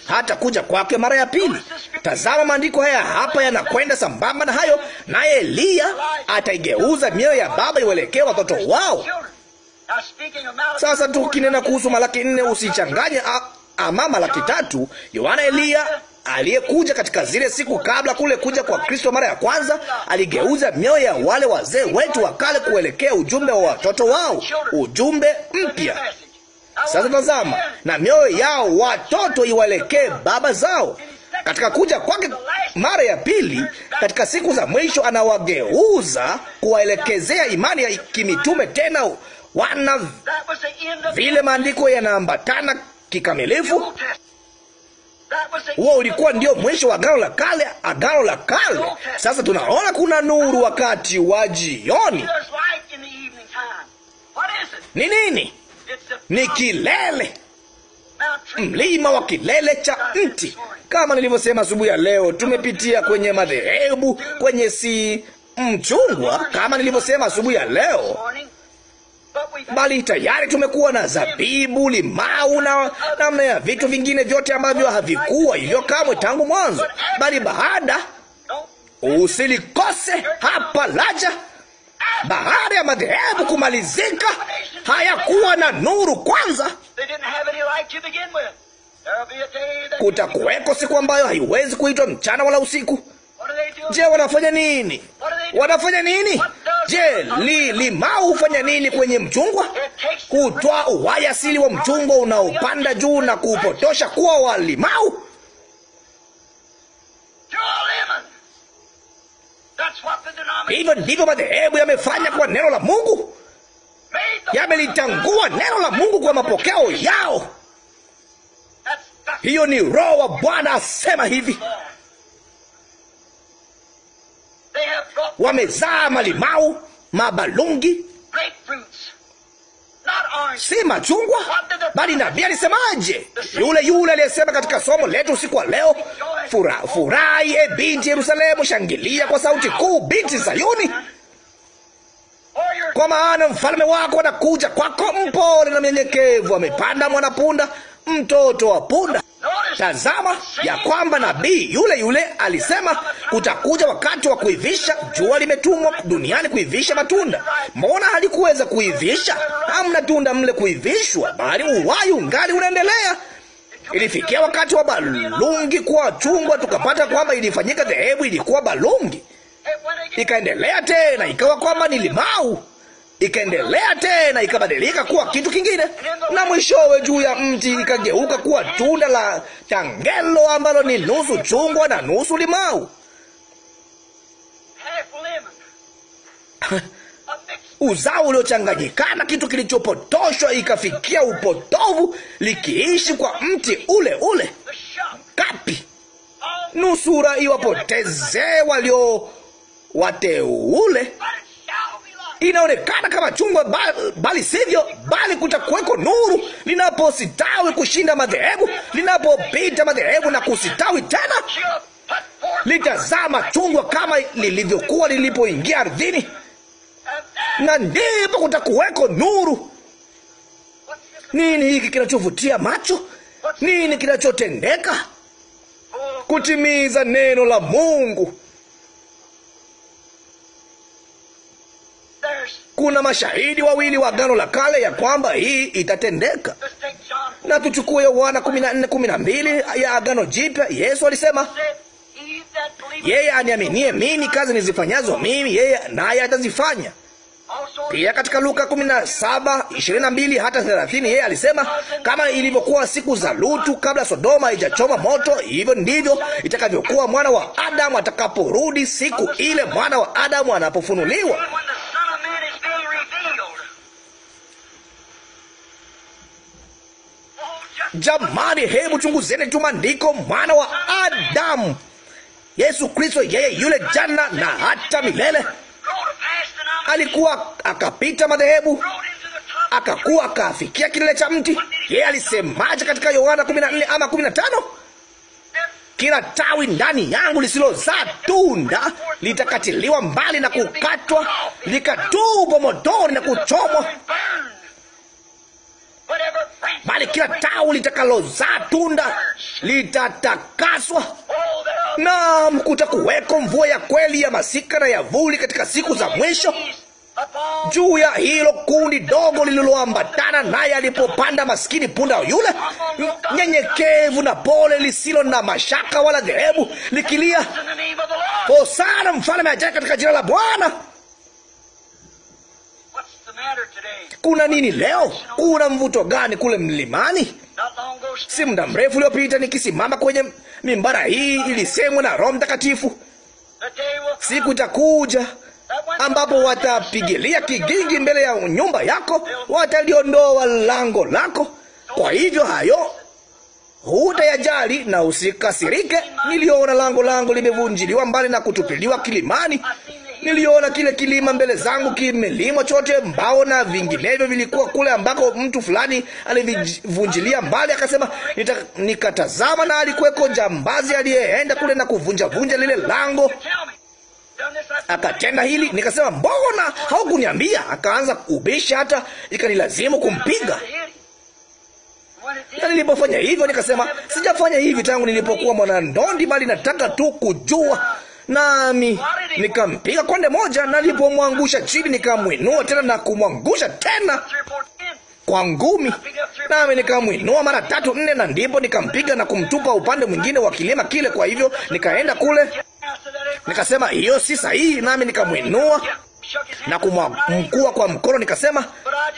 hata kuja kwake mara ya pili. Tazama, maandiko haya hapa yanakwenda sambamba na hayo, naye Eliya ataigeuza mioyo ya baba iwelekee watoto wao. Sasa tukinena kuhusu Malaki nne, usichanganye ama Malaki tatu. Yohana Eliya aliyekuja katika zile siku kabla kule kuja kwa Kristo mara ya kwanza, aligeuza mioyo ya wale wazee wetu wa kale kuelekea ujumbe wa watoto wao, ujumbe mpya. Sasa tazama, na mioyo yao watoto iwaelekee baba zao. Katika kuja kwake mara ya pili, katika siku za mwisho, anawageuza kuwaelekezea imani ya kimitume tena, wana vile maandiko yanaambatana kikamilifu. Huo ulikuwa ndio mwisho wa agano la kale, agano la kale. Sasa tunaona kuna nuru wakati wa jioni. Ni nini? Ni kilele, mlima wa kilele cha mti. Kama nilivyosema asubuhi ya leo, tumepitia kwenye madhehebu, kwenye si mchungwa, kama nilivyosema asubuhi ya leo bali tayari tumekuwa na zabibu, limau na namna ya vitu vingine vyote ambavyo havikuwa hivyo kamwe tangu mwanzo, bali baada usilikose hapa laja baada ya madhehebu kumalizika, hayakuwa na nuru kwanza. Kutakuweko siku ambayo haiwezi kuitwa mchana wala usiku. Je, wanafanya nini? Wanafanya nini? Je, li limau hufanya nini kwenye mchungwa? Kutoa uhai asili wa mchungwa unaopanda juu na kuupotosha kuwa wa limau. Hivyo ndivyo madhehebu yamefanya kwa neno la Mungu, yamelitangua neno la Mungu kwa mapokeo yao. Hiyo ni Roho wa Bwana asema hivi wamezaa malimau, mabalungi, si machungwa. Bali nabii alisemaje? Yule yule aliyesema katika somo letu usiku wa leo, furahi e binti Yerusalemu, shangilia kwa sauti kuu, binti Sayuni, kwa maana mfalme wako anakuja kwako, mpole na mnyenyekevu, amepanda mwanapunda, mtoto wa punda. Tazama ya kwamba nabii yule yule alisema kutakuja wakati wa kuivisha. Jua limetumwa duniani kuivisha matunda. Mbona halikuweza kuivisha? Hamna tunda mle kuivishwa, bali uwayu ngali unaendelea. Ilifikia wakati wa balungi kuwa chungwa, tukapata kwamba ilifanyika dhehebu, ilikuwa balungi, ikaendelea tena, ikawa kwamba ni limau ikaendelea tena ikabadilika kuwa kitu kingine, na mwishowe juu ya mti ikageuka kuwa tunda la tangelo ambalo ni nusu chungwa na nusu limau. (laughs) uzao uliochanganyikana, kitu kilichopotoshwa, ikafikia upotovu, likiishi kwa mti ule ule. Kapi nusura iwapotezee walio wateule inaonekana kama chungwa, bali, bali sivyo, bali kutakuweko nuru linapositawi kushinda madhehebu, linapopita madhehebu na kusitawi tena litazaa machungwa kama lilivyokuwa lilipoingia ardhini, na ndipo kutakuweko nuru. Nini hiki kinachovutia macho? Nini kinachotendeka? Kutimiza neno la Mungu. Kuna mashahidi wawili wa Agano la Kale ya kwamba hii itatendeka, na tuchukue Yohana 14:12 ya Agano Jipya. Yesu alisema yeye aniaminie mimi, kazi nizifanyazo mimi yeye naye atazifanya pia. Katika Luka 17:22 hata 30, yeye alisema kama ilivyokuwa siku za Lutu kabla Sodoma haijachoma moto, hivyo ndivyo itakavyokuwa mwana wa Adamu atakaporudi, siku ile mwana wa Adamu anapofunuliwa. Jamani, hebu chunguzeni tu maandiko. Mwana wa Adamu, Yesu Kristo, yeye yule jana na hata milele. Alikuwa akapita madhehebu, akakuwa akafikia kilele cha mti. Yeye alisemaje katika Yohana 14 ama 15? Kila tawi ndani yangu lisilozaa tunda litakatiliwa mbali na kukatwa, likatupwa motoni na kuchomwa bali kila tawi litakalozaa tunda litatakaswa, na kutakuweko mvua ya kweli ya masika na ya vuli katika siku za mwisho. Juu ya hilo kundi dogo lililoambatana naye alipopanda maskini punda yule, nyenyekevu na pole, lisilo na mashaka wala dhehebu, likilia Hosana, mfalme ajaye katika jina la Bwana. Kuna nini leo? Kuna mvuto gani kule mlimani? Si muda mrefu uliopita nikisimama kwenye mimbara hii, ilisemwa na Roho Mtakatifu, siku itakuja ambapo watapigilia kigingi mbele ya nyumba yako, wataliondoa lango lako. Kwa hivyo hayo hutayajali na usikasirike. Niliona lango langu limevunjiliwa mbali na kutupiliwa kilimani. Niliona kile kilima mbele zangu kimelimwa chote, mbao na vinginevyo vilikuwa kule ambako mtu fulani alivunjilia mbali, akasema nita, nikatazama na alikuweko jambazi aliyeenda kule na kuvunja vunja lile lango akatenda hili. Nikasema, mbona haukuniambia? Akaanza kubisha, hata ikanilazimu kumpiga. Na nilipofanya hivyo, nikasema sijafanya hivi tangu nilipokuwa mwanandondi, bali nataka tu kujua nami nikampiga konde moja, nalipomwangusha chini nikamwinua tena na kumwangusha tena kwa ngumi, nami nikamwinua mara tatu nne, na ndipo nikampiga na kumtupa upande mwingine wa kilima kile. Kwa hivyo nikaenda kule, nikasema hiyo si sahihi, nami nikamwinua na kumwamkua kwa mkono. Nikasema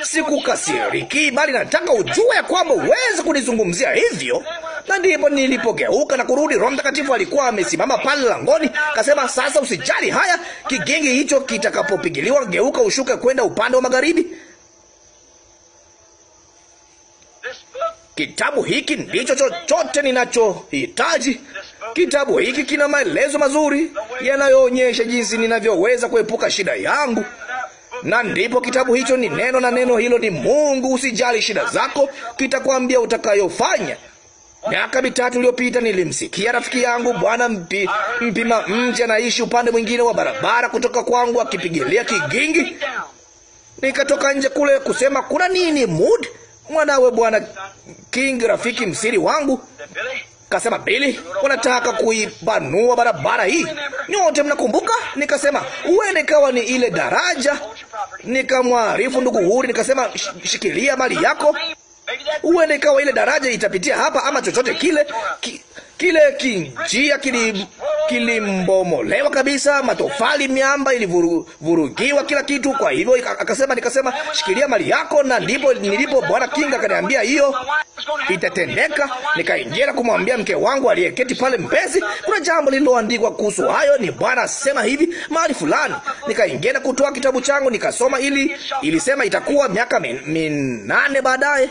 sikukasiriki, bali nataka ujue ya kwamba uweze kunizungumzia hivyo. Na ndipo nilipogeuka na kurudi, Roho Mtakatifu alikuwa amesimama pale langoni, kasema, sasa usijali haya, kigingi hicho kitakapopigiliwa, geuka ushuke kwenda upande wa magharibi. Kitabu hiki ndicho chochote ninachohitaji. Kitabu hiki kina maelezo mazuri yanayoonyesha jinsi ninavyoweza kuepuka shida yangu, na ndipo kitabu hicho ni neno, na neno hilo ni Mungu. Usijali shida zako, kitakwambia utakayofanya. Miaka mitatu iliyopita nilimsikia rafiki yangu bwana mpi, mpima mji anaishi upande mwingine wa barabara kutoka kwangu akipigilia kigingi. Nikatoka nje kule kusema kuna nini Mood? Mwanawe bwana King rafiki msiri wangu kasema, Bili, wanataka kuipanua barabara hii, nyote mnakumbuka? Nikasema uende, kawa ni ile daraja. Nikamwarifu ndugu Huri, nikasema shikilia mali yako huenda ikawa ile daraja itapitia hapa ama chochote kile ki, Kile kinjia kilimbomolewa kabisa, matofali, miamba ilivurugiwa, kila kitu. Kwa hivyo akasema, nikasema shikilia mali yako, na ndipo nilipo Bwana Kinga akaniambia hiyo itatendeka. Nikaingia na kumwambia mke wangu aliyeketi pale, mbezi, kuna jambo lililoandikwa kuhusu hayo, ni Bwana asema hivi mahali fulani. Nikaingia na kutoa kitabu changu nikasoma, ili ilisema itakuwa miaka minane baadaye.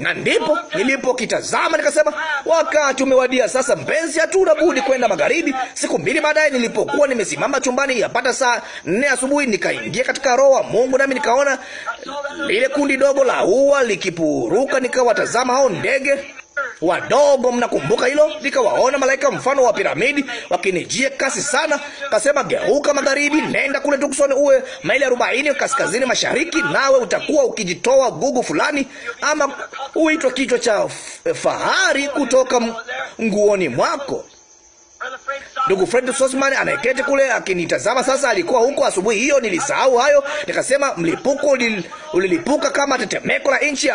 na ndipo nilipokitazama nikasema, wakati umewadia sasa, mpenzi, hatuna budi kwenda magharibi. Siku mbili baadaye, nilipokuwa nimesimama chumbani yapata saa nne asubuhi, nikaingia katika roho wa Mungu, nami nikaona lile kundi dogo la ua likipuruka, nikawatazama hao ndege wadogo, mnakumbuka hilo? Nikawaona malaika mfano wa piramidi wakinijia kasi sana, kasema, geuka magharibi, nenda kule Tucson, uwe maili arobaini kaskazini mashariki, nawe utakuwa ukijitoa gugu fulani, ama uitwa kichwa cha fahari kutoka nguoni mwako. Ndugu Fred Sosman anayeketi kule akinitazama sasa, alikuwa huko asubuhi hiyo. Nilisahau hayo, nikasema mlipuko ulilipuka kama tetemeko la nchi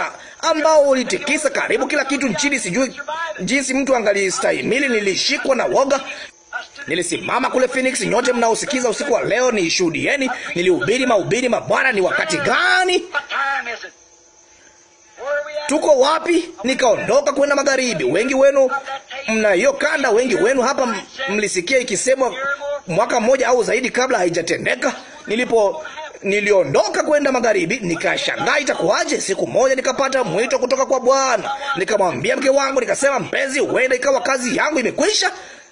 ambao ulitikisa karibu kila kitu nchini. Sijui jinsi mtu angalistahimili. Nilishikwa na woga. Nilisimama kule Phoenix. Nyote mnaosikiza usiku wa leo, nishuhudieni, nilihubiri mahubiri mabwana. Ni wakati gani? Tuko wapi? Nikaondoka kwenda magharibi. Wengi wenu kanda, wengi wenu hapa mlisikia ikisemwa mwaka mmoja au zaidi kabla haijatendeka. Nilipo niliondoka kwenda magharibi, nikashangaa itakuwaje. Siku moja nikapata mwito kutoka kwa Bwana, nikamwambia mke wangu, nikasema, mpenzi, huenda ikawa kazi yangu imekwisha.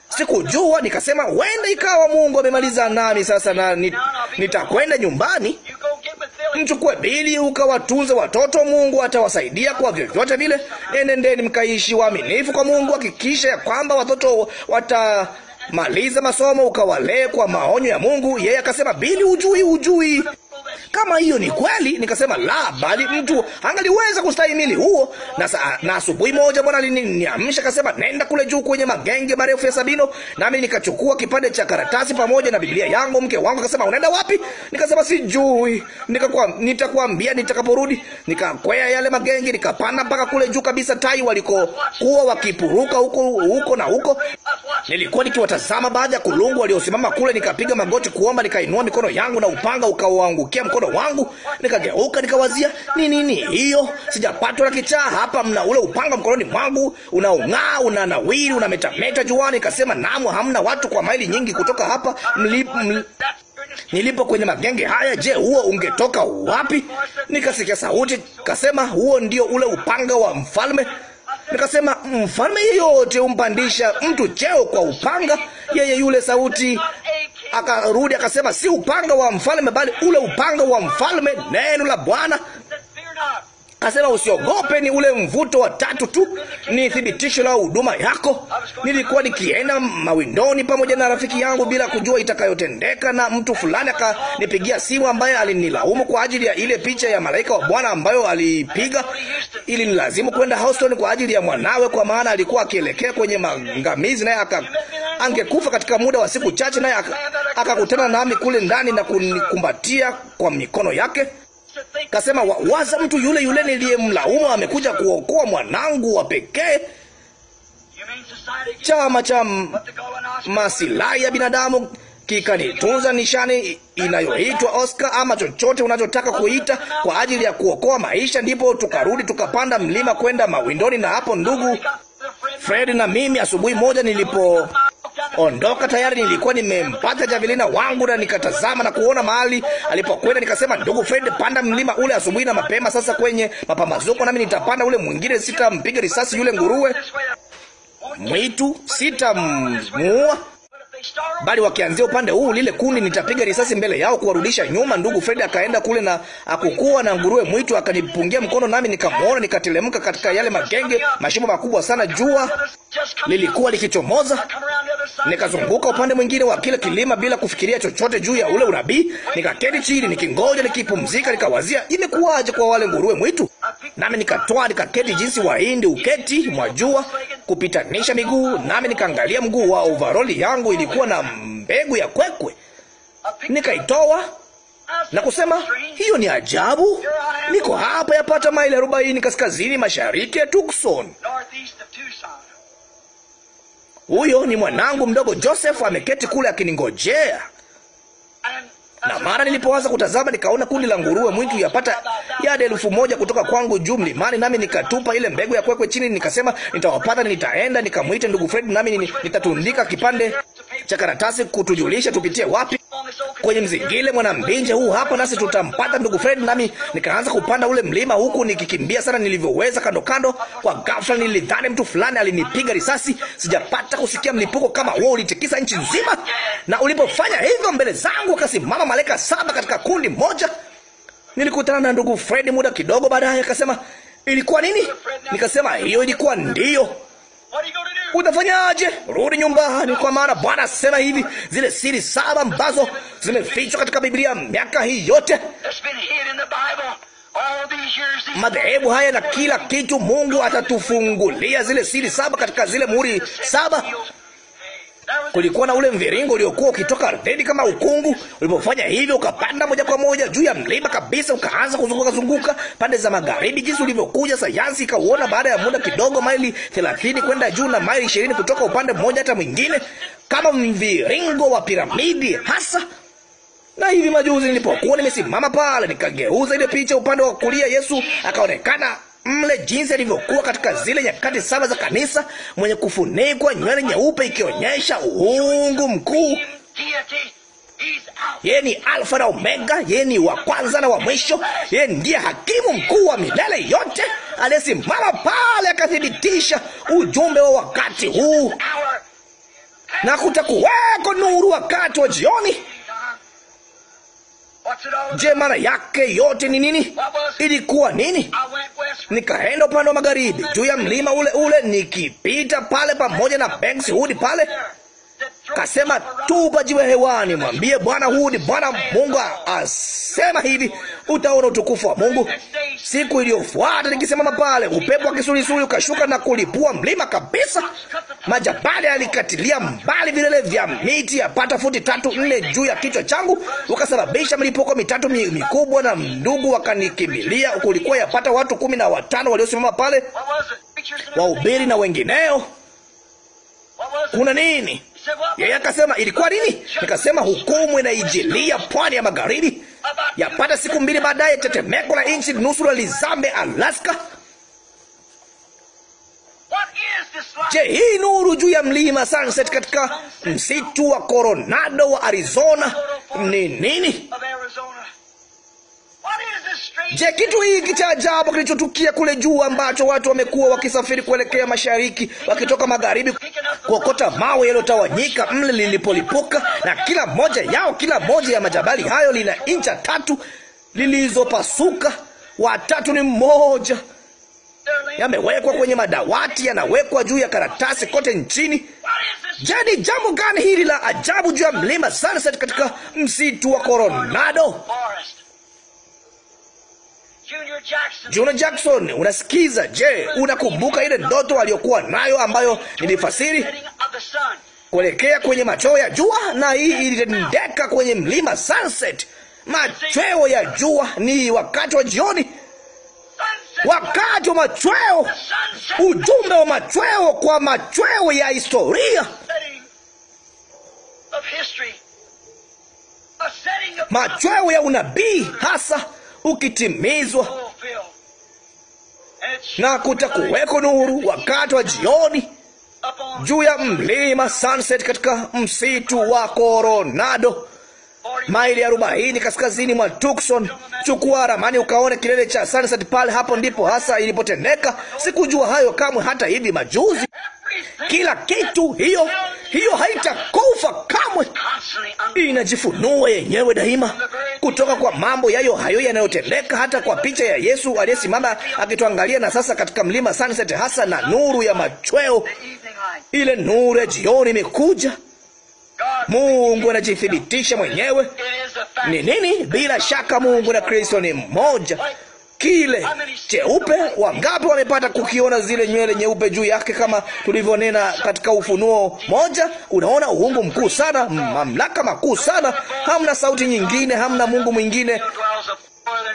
Sikujua, nikasema huenda ikawa Mungu amemaliza nami sasa, na nitakwenda nyumbani. Mchukue bili ukawatunze watoto, Mungu atawasaidia kwa vyovyote vile. Enendeni mkaishi waaminifu kwa Mungu, hakikisha ya kwamba watoto wata maliza masomo ukawalee kwa maonyo ya Mungu. Yeye akasema, Bili, ujui ujui kama hiyo ni kweli, nikasema la, bali mtu angaliweza kustahimili huo. Na na asubuhi moja Bwana aliniamsha akasema, nenda kule juu kwenye magenge marefu ya Sabino, nami nikachukua kipande cha karatasi pamoja na Biblia yangu. Mke wangu akasema, unaenda wapi? Nikasema sijui, nikakwa nitakwambia nitakaporudi. Nikakwea yale magenge, nikapanda mpaka kule juu kabisa, tai waliko kuwa wakipuruka huko huko na huko. Nilikuwa nikiwatazama baadhi ya kulungu waliosimama kule, nikapiga magoti kuomba, nikainua mikono yangu na upanga ukawaangukia nikaangalia mkono wangu, nikageuka, nikawazia ni nini hiyo, sijapatwa na kichaa. Hapa mna ule upanga mkononi mwangu, unaong'aa, una nawili, nawiri, unametameta juani. Nikasema namu, hamna watu kwa maili nyingi kutoka hapa mlipo mli, nilipo kwenye magenge haya. Je, huo ungetoka wapi? Nikasikia sauti kasema, huo ndio ule upanga wa mfalme. Nikasema, mfalme yeyote umpandisha mtu cheo kwa upanga, yeye yule sauti akarudi akasema, si upanga wa mfalme, bali ule upanga wa mfalme, neno la Bwana. Kasema usiogope, ni ule mvuto wa tatu tu, ni thibitisho la huduma yako. Nilikuwa nikienda mawindoni pamoja na rafiki yangu bila kujua itakayotendeka, na mtu fulani akanipigia simu ambaye alinilaumu kwa ajili ya ile picha ya malaika wa Bwana ambayo alipiga. Ilinilazimu kwenda Houston kwa ajili ya mwanawe, kwa maana alikuwa akielekea kwenye mangamizi, naye angekufa katika muda wa siku chache, naye akakutana nami kule ndani na kunikumbatia kwa mikono yake. Kasema, waza mtu yule yule niliyemlaumu amekuja kuokoa mwanangu wa pekee. Chama cha masilahi ya binadamu kikanitunza nishani inayoitwa Oscar ama chochote unachotaka kuita kwa ajili ya kuokoa maisha. Ndipo tukarudi tukapanda mlima kwenda mawindoni, na hapo ndugu Fred na mimi, asubuhi moja nilipo ondoka, tayari nilikuwa nimempata javelina wangu, na nikatazama na kuona mahali alipokwenda. Nikasema, ndugu Fred, panda mlima ule asubuhi na mapema, sasa kwenye mapambazuko, nami nitapanda ule mwingine, sitampiga risasi yule nguruwe mwitu, sitamuua bali wakianzia upande huu, lile kundi nitapiga risasi mbele yao kuwarudisha nyuma. Ndugu Fred akaenda kule na akukua na nguruwe mwitu, akanipungia mkono, nami nikamwona, nikatelemka katika yale magenge, mashimo makubwa sana. Jua lilikuwa likichomoza, nikazunguka upande mwingine wa kile kilima bila kufikiria chochote juu ya ule unabii. Nikaketi chini nikingoja, nikipumzika, nikawazia imekuwaje kwa wale nguruwe mwitu, nami nikatoa, nikaketi jinsi Wahindi uketi, mwajua, kupitanisha miguu, nami nikaangalia mguu wa overall yangu ilikuwa kulikuwa na mbegu ya kwekwe, nikaitoa na kusema hiyo ni ajabu. Niko hapa yapata maili arobaini kaskazini mashariki ya Tucson. Huyo ni mwanangu mdogo Joseph ameketi kule akiningojea. Na mara nilipoanza kutazama, nikaona kundi la nguruwe mwitu yapata yadi elfu moja kutoka kwangu juu mlimani, nami nikatupa ile mbegu ya kwekwe chini, nikasema nitawapata, nitaenda nikamwite ndugu Fred, nami nitatundika kipande cha karatasi kutujulisha tupitie wapi kwenye mzingile mwanambinje huu hapa, nasi tutampata ndugu Fred. Nami nikaanza kupanda ule mlima huku nikikimbia sana nilivyoweza kando kando. Kwa ghafla nilidhani mtu fulani alinipiga risasi. Sijapata kusikia mlipuko kama huo, ulitikisa nchi nzima, na ulipofanya hivyo mbele zangu akasimama malaika saba katika kundi moja. Nilikutana na ndugu Fred muda kidogo baadaye, akasema ilikuwa nini? Nikasema hiyo ilikuwa ndiyo utafanyaje? Rudi nyumbani, kwa maana Bwana asema hivi, zile siri saba ambazo zimefichwa katika Biblia miaka hii yote madhehebu haya na kila kitu, Mungu atatufungulia zile siri saba katika zile muhuri saba. Kulikuwa na ule mviringo uliokuwa ukitoka ardhini kama ukungu. Ulipofanya hivyo, ukapanda moja kwa moja juu ya mlima kabisa, ukaanza kuzunguka zunguka pande za magharibi. Jinsi ulivyokuja, sayansi ikauona baada ya muda kidogo, maili 30 kwenda juu na maili 20 kutoka upande mmoja hata mwingine, kama mviringo wa piramidi hasa na hivi majuzi nilipokuwa nimesimama pale, nikageuza ile picha upande wa kulia, Yesu akaonekana mle jinsi alivyokuwa katika zile nyakati saba za kanisa, mwenye kufunikwa nywele nyeupe ikionyesha uungu mkuu. Yeye ni Alfa na Omega, yeye ni wa kwanza na wa mwisho. Yeye ndiye hakimu mkuu wa milele yote, aliyesimama pale akathibitisha ujumbe wa wakati huu, na kutakuweko nuru wakati wa jioni. Je, maana yake yote ni nini? Ilikuwa nini? Nikaenda upande wa magharibi juu ya mlima ule ule, nikipita pale pamoja na Banks Hood pale kasema, tupa jiwe hewani, mwambie Bwana, huu ni Bwana Mungu asema hivi, utaona utukufu wa Mungu. Siku iliyofuata nikisimama pale, upepo wa kisulisuli ukashuka na kulipua mlima kabisa. Majabali alikatilia mbali vilele vya miti yapata futi tatu nne juu ya kichwa changu, ukasababisha milipuko mitatu mikubwa, na ndugu wakanikimbilia. Kulikuwa yapata watu kumi na watano waliosimama pale, wahubiri na wengineo. Kuna nini? Yeye akasema ilikuwa nini? Nikasema hukumu inaijilia pwani ya magharibi. Yapata siku mbili baadaye, tetemeko la inchi nusu la Lizambe, Alaska. Je, hii nuru juu ya mlima Sunset katika msitu wa Coronado wa Arizona ni nini? Je, kitu hiki cha ajabu kilichotukia kule juu ambacho watu wamekuwa wakisafiri kuelekea mashariki wakitoka magharibi kuokota mawe yaliyotawanyika mle lilipolipuka, na kila moja yao, kila moja ya majabali hayo lina incha tatu lilizopasuka, watatu ni mmoja, yamewekwa kwenye madawati, yanawekwa juu ya karatasi kote nchini. Je, ni jambo gani hili la ajabu juu ya mlima Sunset katika msitu wa Coronado? Junior Jackson, unasikiza? Je, unakumbuka ile ndoto aliyokuwa nayo ambayo nilifasiri kuelekea kwenye machweo ya jua, na hii ilitendeka kwenye mlima Sunset. Machweo ya jua ni wakati wa jioni, wakati wa machweo, ujumbe wa machweo kwa machweo ya historia machweo ya unabii hasa ukitimizwa, na kutakuweko nuru wakati wa jioni juu ya mlima Sunset katika msitu wa Coronado maili arobaini kaskazini mwa Tucson. Chukua ramani ukaone kilele cha Sunset pale. Hapo ndipo hasa ilipotendeka. Sikujua hayo kamwe, hata hivi majuzi. Kila kitu hiyo hiyo haitakufa kamwe, inajifunua yenyewe daima kutoka kwa mambo yayo hayo yanayotendeka, hata kwa picha ya Yesu aliyesimama akituangalia, na sasa katika mlima Sunset, hasa na nuru ya machweo, ile nuru ya jioni imekuja. Mungu anajithibitisha mwenyewe. Ni nini? Bila shaka Mungu na Kristo ni mmoja kile cheupe. Wangapi wamepata kukiona zile nywele nyeupe juu yake, kama tulivyonena katika Ufunuo moja? Unaona uungu mkuu sana, mamlaka makuu sana. Hamna sauti nyingine, hamna Mungu mwingine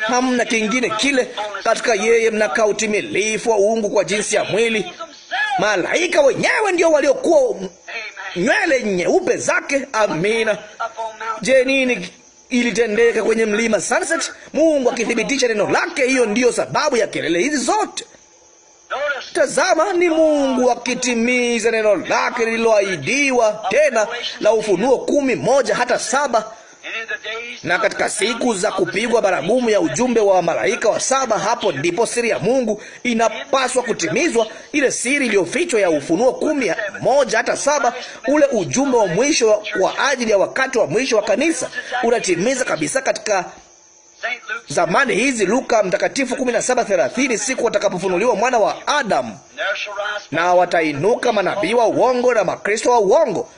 hamna kingine kile. Katika yeye mnakaa utimilifu wa uungu kwa jinsi ya mwili. Malaika wenyewe ndio waliokuwa nywele nyeupe zake. Amina. Je, nini ilitendeka kwenye mlima Sunset, Mungu akithibitisha neno lake. Hiyo ndiyo sababu ya kelele hizi zote. Tazama, ni Mungu akitimiza neno lake lililoahidiwa, tena la Ufunuo kumi moja hata saba. Na katika siku za kupigwa baragumu ya ujumbe wa malaika wa saba, hapo ndipo siri ya Mungu inapaswa kutimizwa, ile siri iliyofichwa ya Ufunuo kumi moja hata saba. Ule ujumbe wa mwisho kwa ajili ya wakati wa mwisho wa kanisa unatimiza kabisa katika zamani hizi. Luka Mtakatifu 17:30, siku atakapofunuliwa mwana wa Adamu, na watainuka manabii wa uongo na Makristo wa uongo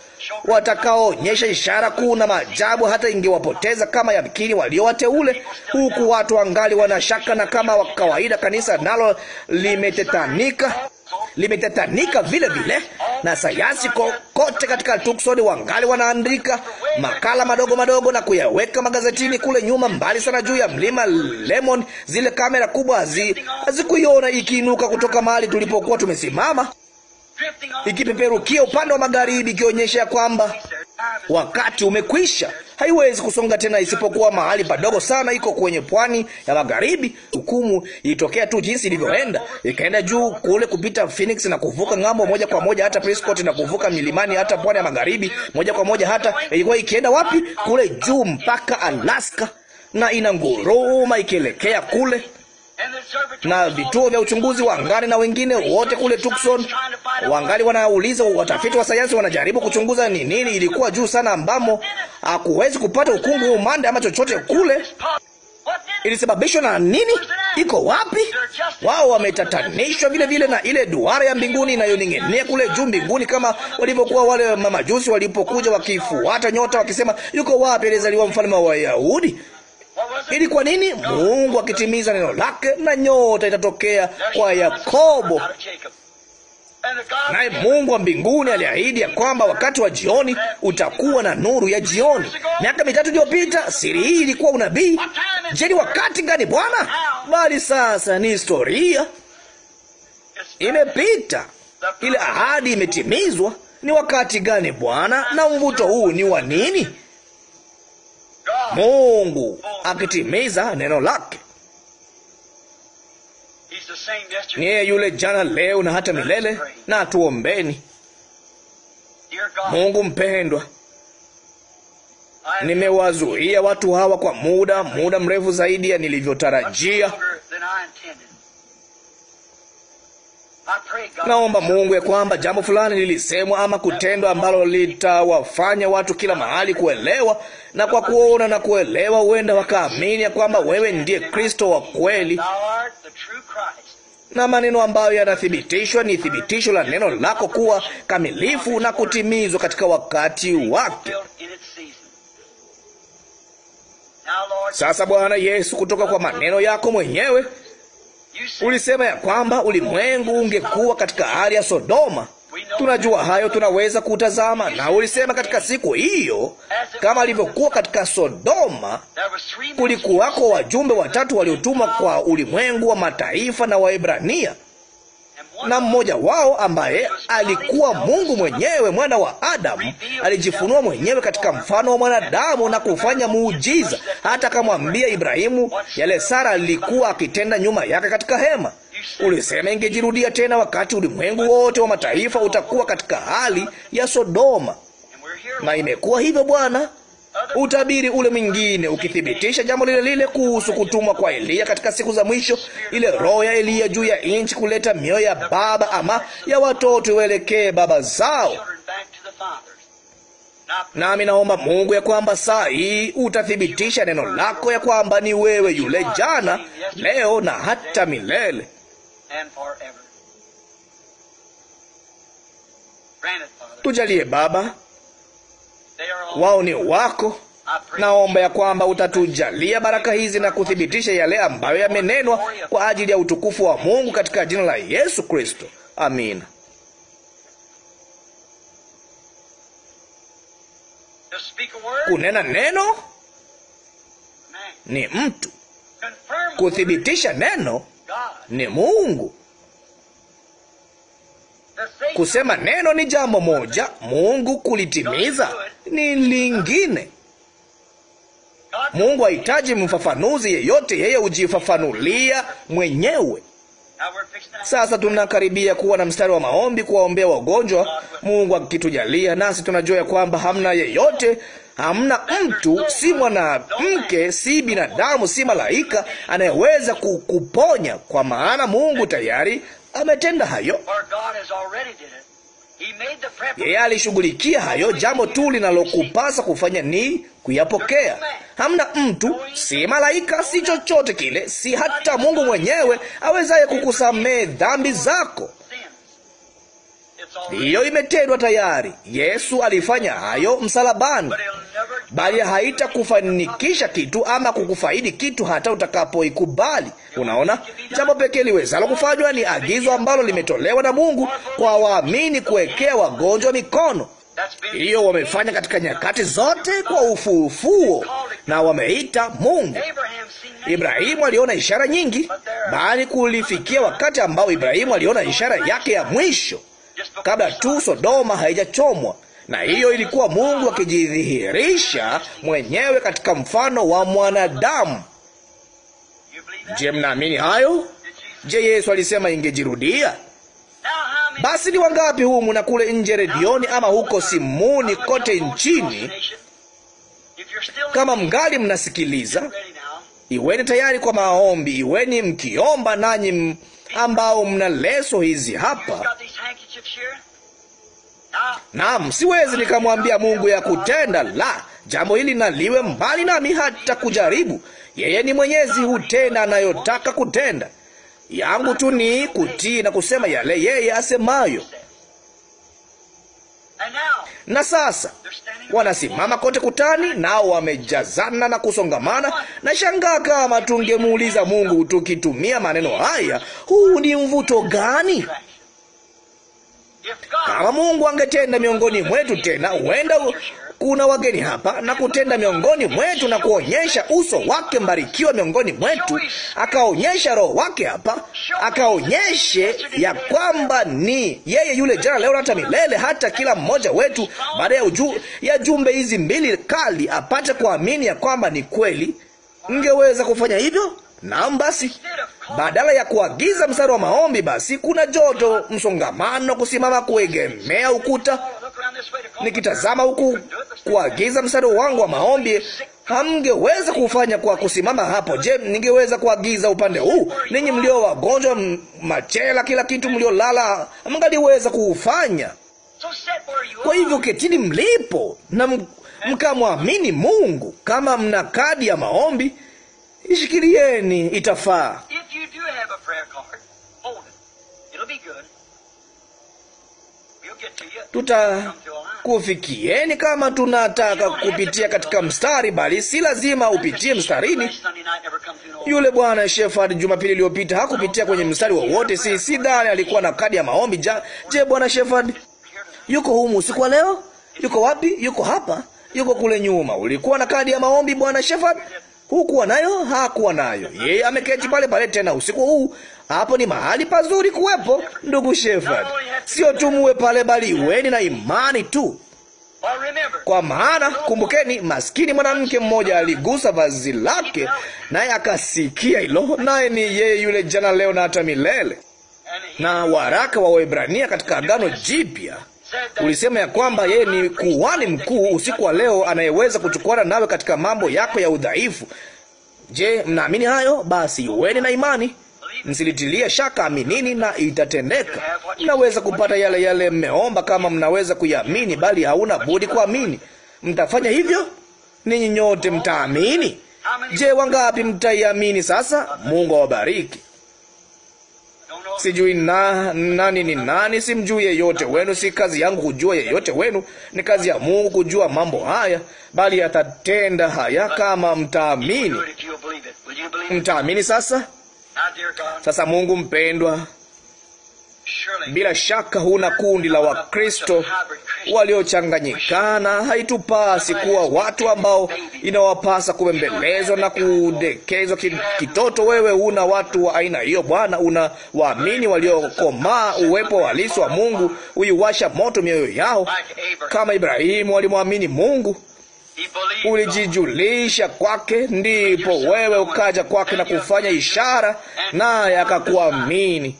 watakaoonyesha ishara kuu na maajabu, hata ingewapoteza kama yamkini waliowateule, huku watu wangali wanashaka, na kama kawaida kanisa nalo limetetanika limetetanika vile vile, na sayansi kote katika Tucson wangali wanaandika makala madogo madogo na kuyaweka magazetini. Kule nyuma mbali sana juu ya mlima Lemon, zile kamera kubwa hazikuiona ikiinuka kutoka mahali tulipokuwa tumesimama ikipeperukia upande wa magharibi, ikionyesha ya kwamba wakati umekwisha. Haiwezi kusonga tena isipokuwa mahali padogo sana, iko kwenye pwani ya magharibi. Hukumu ilitokea tu jinsi ilivyoenda, ikaenda juu kule kupita Phoenix na kuvuka ng'ambo moja kwa moja hata Prescott na kuvuka milimani hata pwani ya magharibi moja kwa moja, hata ilikuwa ikienda wapi? Kule juu mpaka Alaska, na ina nguruma ikielekea kule na vituo vya uchunguzi wangali na wengine wote kule Tucson wangali wanauliza, watafiti wa sayansi wanajaribu kuchunguza ni nini ilikuwa juu sana, ambamo hakuwezi kupata ukungu huu mande ama chochote kule. Ilisababishwa na nini? Iko wapi? Wao wametatanishwa vile vile na ile duara ya mbinguni inayoning'inia kule juu mbinguni, kama walivyokuwa wale mamajusi walipokuja wakifuata nyota wakisema, yuko wapi alizaliwa mfalme wa Wayahudi? Ili kwa nini? Mungu akitimiza neno lake, na nyota itatokea kwa Yakobo. Naye Mungu wa mbinguni aliahidi ya kwamba wakati wa jioni utakuwa na nuru ya jioni. Miaka mitatu iliyopita siri hii ilikuwa unabii. Je, ni wakati gani Bwana? Bali sasa ni historia, imepita, ile ahadi imetimizwa. Ni wakati gani Bwana? Na mvuto huu ni wa nini? Mungu akitimiza neno lake. Yeye yule jana, leo na hata milele. Na tuombeni. Mungu mpendwa, nimewazuia watu hawa kwa muda muda mrefu zaidi ya nilivyotarajia. Naomba Mungu ya kwamba jambo fulani lilisemwa ama kutendwa ambalo litawafanya watu kila mahali kuelewa na kwa kuona na kuelewa, huenda wakaamini ya kwamba wewe ndiye Kristo wa kweli, na maneno ambayo yanathibitishwa ni thibitisho la neno lako kuwa kamilifu na kutimizwa katika wakati wake. Sasa Bwana Yesu, kutoka kwa maneno yako mwenyewe ulisema ya kwamba ulimwengu ungekuwa katika hali ya Sodoma. Tunajua hayo, tunaweza kutazama. Na ulisema katika siku hiyo, kama alivyokuwa katika Sodoma, kulikuwako wajumbe watatu waliotumwa kwa ulimwengu wa mataifa na Waebrania, na mmoja wao ambaye alikuwa Mungu mwenyewe, mwana wa Adamu, alijifunua mwenyewe katika mfano wa mwanadamu na kufanya muujiza, hata akamwambia Ibrahimu yale Sara alikuwa akitenda nyuma yake katika hema. Ulisema ingejirudia tena wakati ulimwengu wote wa mataifa utakuwa katika hali ya Sodoma, na imekuwa hivyo, Bwana. Utabiri ule mwingine ukithibitisha jambo lile lile kuhusu kutumwa kwa Eliya katika siku za mwisho, ile roho ya Eliya juu ya nchi, kuleta mioyo ya baba ama ya watoto iwaelekee baba zao. Nami naomba Mungu ya kwamba saa hii utathibitisha neno lako ya kwamba ni wewe yule jana, leo na hata milele. Tujalie Baba, wao ni wako. Naomba ya kwamba utatujalia baraka hizi na kuthibitisha yale ambayo yamenenwa kwa ajili ya utukufu wa Mungu katika jina la Yesu Kristo. Amina. Kunena neno ni mtu. Kuthibitisha neno ni Mungu. Kusema neno ni jambo moja, Mungu kulitimiza ni lingine. Mungu hahitaji mfafanuzi yeyote, yeye hujifafanulia mwenyewe. Sasa tunakaribia kuwa na mstari wa maombi, kuwaombea wagonjwa. Mungu akitujalia, nasi tunajua ya kwamba hamna yeyote Hamna mtu, si mwanamke, si binadamu, si malaika anayeweza kukuponya, kwa maana Mungu tayari ametenda hayo. Yeye alishughulikia hayo. Jambo tu linalokupasa kufanya ni kuyapokea. Hamna mtu, si malaika, si chochote kile, si hata Mungu mwenyewe awezaye kukusamehe dhambi zako hiyo imetendwa tayari. Yesu alifanya hayo msalabani, bali haitakufanikisha kitu ama kukufaidi kitu hata utakapoikubali. Unaona, jambo pekee liwezalo kufanywa ni agizo ambalo limetolewa na Mungu kwa waamini kuwekea wagonjwa mikono. Hiyo wamefanya katika nyakati zote kwa ufufuo, na wameita Mungu. Ibrahimu aliona ishara nyingi, bali kulifikia wakati ambao Ibrahimu aliona ishara yake ya mwisho kabla tu Sodoma haijachomwa, na hiyo ilikuwa Mungu akijidhihirisha mwenyewe katika mfano wa mwanadamu. Je, mnaamini hayo? Je, Yesu alisema ingejirudia? Basi ni wangapi humu na kule nje redioni ama huko simuni kote nchini? Kama mngali mnasikiliza, iweni tayari kwa maombi, iweni mkiomba nanyi ambao mna leso hizi hapa. Naam, siwezi nikamwambia Mungu ya kutenda, la jambo hili naliwe mbali nami hata kujaribu. Yeye ni mwenyezi, hutenda anayotaka kutenda. Yangu tu ni kutii na kusema yale yeye asemayo. Na sasa wanasimama kote kutani, nao wamejazana na kusongamana. Na shangaa kama tungemuuliza Mungu tukitumia maneno haya, huu ni mvuto gani? Kama Mungu angetenda miongoni mwetu tena, huenda kuna wageni hapa, na kutenda miongoni mwetu na kuonyesha uso wake mbarikiwa miongoni mwetu, akaonyesha roho wake hapa, akaonyeshe ya kwamba ni yeye yule jana, leo, hata milele, hata kila mmoja wetu baada ya uju, ya jumbe hizi mbili kali apate kuamini ya kwamba ni kweli. Mngeweza kufanya hivyo? Naam, basi badala ya kuagiza mstari wa maombi, basi kuna joto, msongamano, kusimama, kuegemea ukuta nikitazama huku kuagiza mstari wangu wa maombi, hamngeweza kufanya kwa kusimama hapo. Je, ningeweza kuagiza upande huu? Ninyi mlio wagonjwa, machela, kila kitu, mliolala, mngaliweza kuufanya. Kwa hivyo ketini mlipo na mkamwamini Mungu. Kama mna kadi ya maombi, ishikilieni, itafaa. tutakufikieni kama tunataka kupitia katika mstari, bali si lazima upitie mstarini. Yule bwana Shefard Jumapili iliyopita hakupitia kwenye mstari wowote, si si dhani alikuwa na kadi ya maombi. Je, bwana Shefard yuko humu usiku wa leo? Yuko wapi? Yuko hapa, yuko kule nyuma. Ulikuwa na kadi ya maombi bwana Shefard? Hukuwa nayo? Hakuwa nayo. Yeye ameketi pale pale tena usiku huu. Hapo ni mahali pazuri kuwepo, ndugu Shefard. Sio tu muwe pale, bali uweni na imani tu. Kwa maana kumbukeni, maskini mwanamke mmoja aligusa vazi lake, naye akasikia hilo, naye ni yeye yule jana, leo na hata milele. Na waraka wa Waebrania katika Agano Jipya ulisema ya kwamba yeye ni kuhani mkuu usiku wa leo, anayeweza kuchukuana nawe katika mambo yako ya udhaifu. Je, mnaamini hayo? Basi uweni na imani. Msilitilie shaka, aminini na itatendeka. Mnaweza kupata yale yale mmeomba, kama mnaweza kuiamini, bali hauna budi kuamini. Mtafanya hivyo, ninyi nyote mtaamini. Je, wangapi mtaiamini sasa? Mungu awabariki. Sijui na nani ni nani, simjui yeyote wenu. Si kazi yangu kujua yeyote wenu, ni kazi ya Mungu kujua mambo haya, bali atatenda haya kama mtaamini. Mtaamini sasa? Ah, Sasa Mungu mpendwa, bila shaka huna kundi la Wakristo waliochanganyikana. Haitupasi kuwa watu ambao inawapasa kubembelezwa na kudekezwa kitoto. Wewe una watu wa aina hiyo, Bwana. Una waamini waliokomaa, uwepo halisi wa Mungu huiwasha moto mioyo yao, kama Ibrahimu alimwamini Mungu ulijijulisha kwake, ndipo wewe ukaja kwake na kufanya ishara, naye akakuamini,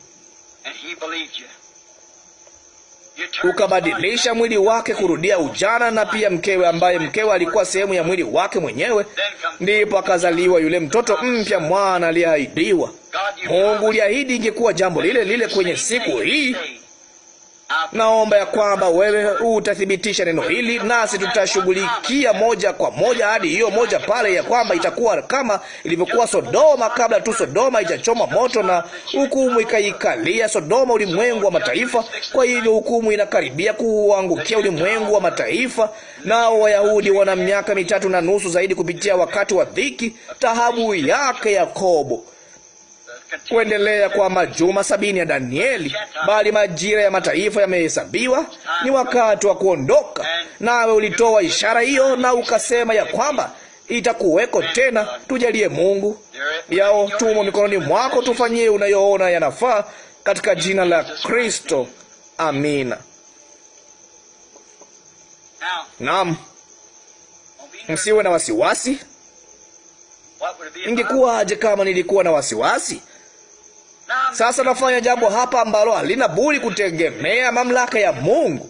ukabadilisha mwili wake kurudia ujana, na pia mkewe, ambaye mkewe alikuwa sehemu ya mwili wake mwenyewe. Ndipo akazaliwa yule mtoto mpya, mwana aliyeahidiwa. Mungu uliahidi ingekuwa jambo lile lile kwenye siku hii Naomba ya kwamba wewe utathibitisha neno hili, nasi tutashughulikia moja kwa moja hadi hiyo moja pale, ya kwamba itakuwa kama ilivyokuwa Sodoma kabla tu Sodoma ijachoma moto na hukumu ikaikalia Sodoma, ulimwengu wa mataifa. Kwa hivyo hukumu inakaribia kuangukia ulimwengu wa mataifa, nao Wayahudi wana miaka mitatu na nusu zaidi kupitia wakati wa dhiki, tahabu yake Yakobo kuendelea kwa majuma sabini ya Danieli, bali majira ya mataifa yamehesabiwa, ni wakati wa kuondoka. Nawe ulitoa ishara hiyo na ukasema ya kwamba itakuweko tena. Tujalie Mungu, yao tumo mikononi mwako, tufanyie unayoona yanafaa katika jina la Kristo, amina. Naam, msiwe na wasiwasi. ingekuwaje aje kama nilikuwa na wasiwasi? Sasa nafanya jambo hapa ambalo halina budi kutegemea mamlaka ya Mungu,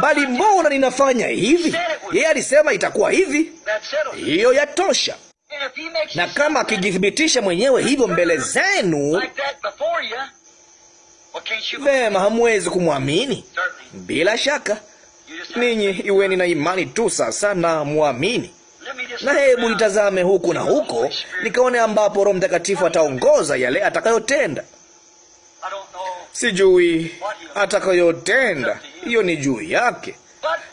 bali mbona ninafanya hivi? Yeye alisema itakuwa hivi, hiyo yatosha. Na kama akijithibitisha mwenyewe hivyo mbele zenu Vema, hamwezi kumwamini. Bila shaka ninyi iweni na imani tu sasa na mwamini na hebu nitazame huku na huko, nikaone ambapo Roho Mtakatifu ataongoza yale atakayotenda. Sijui atakayotenda, hiyo ni juu yake,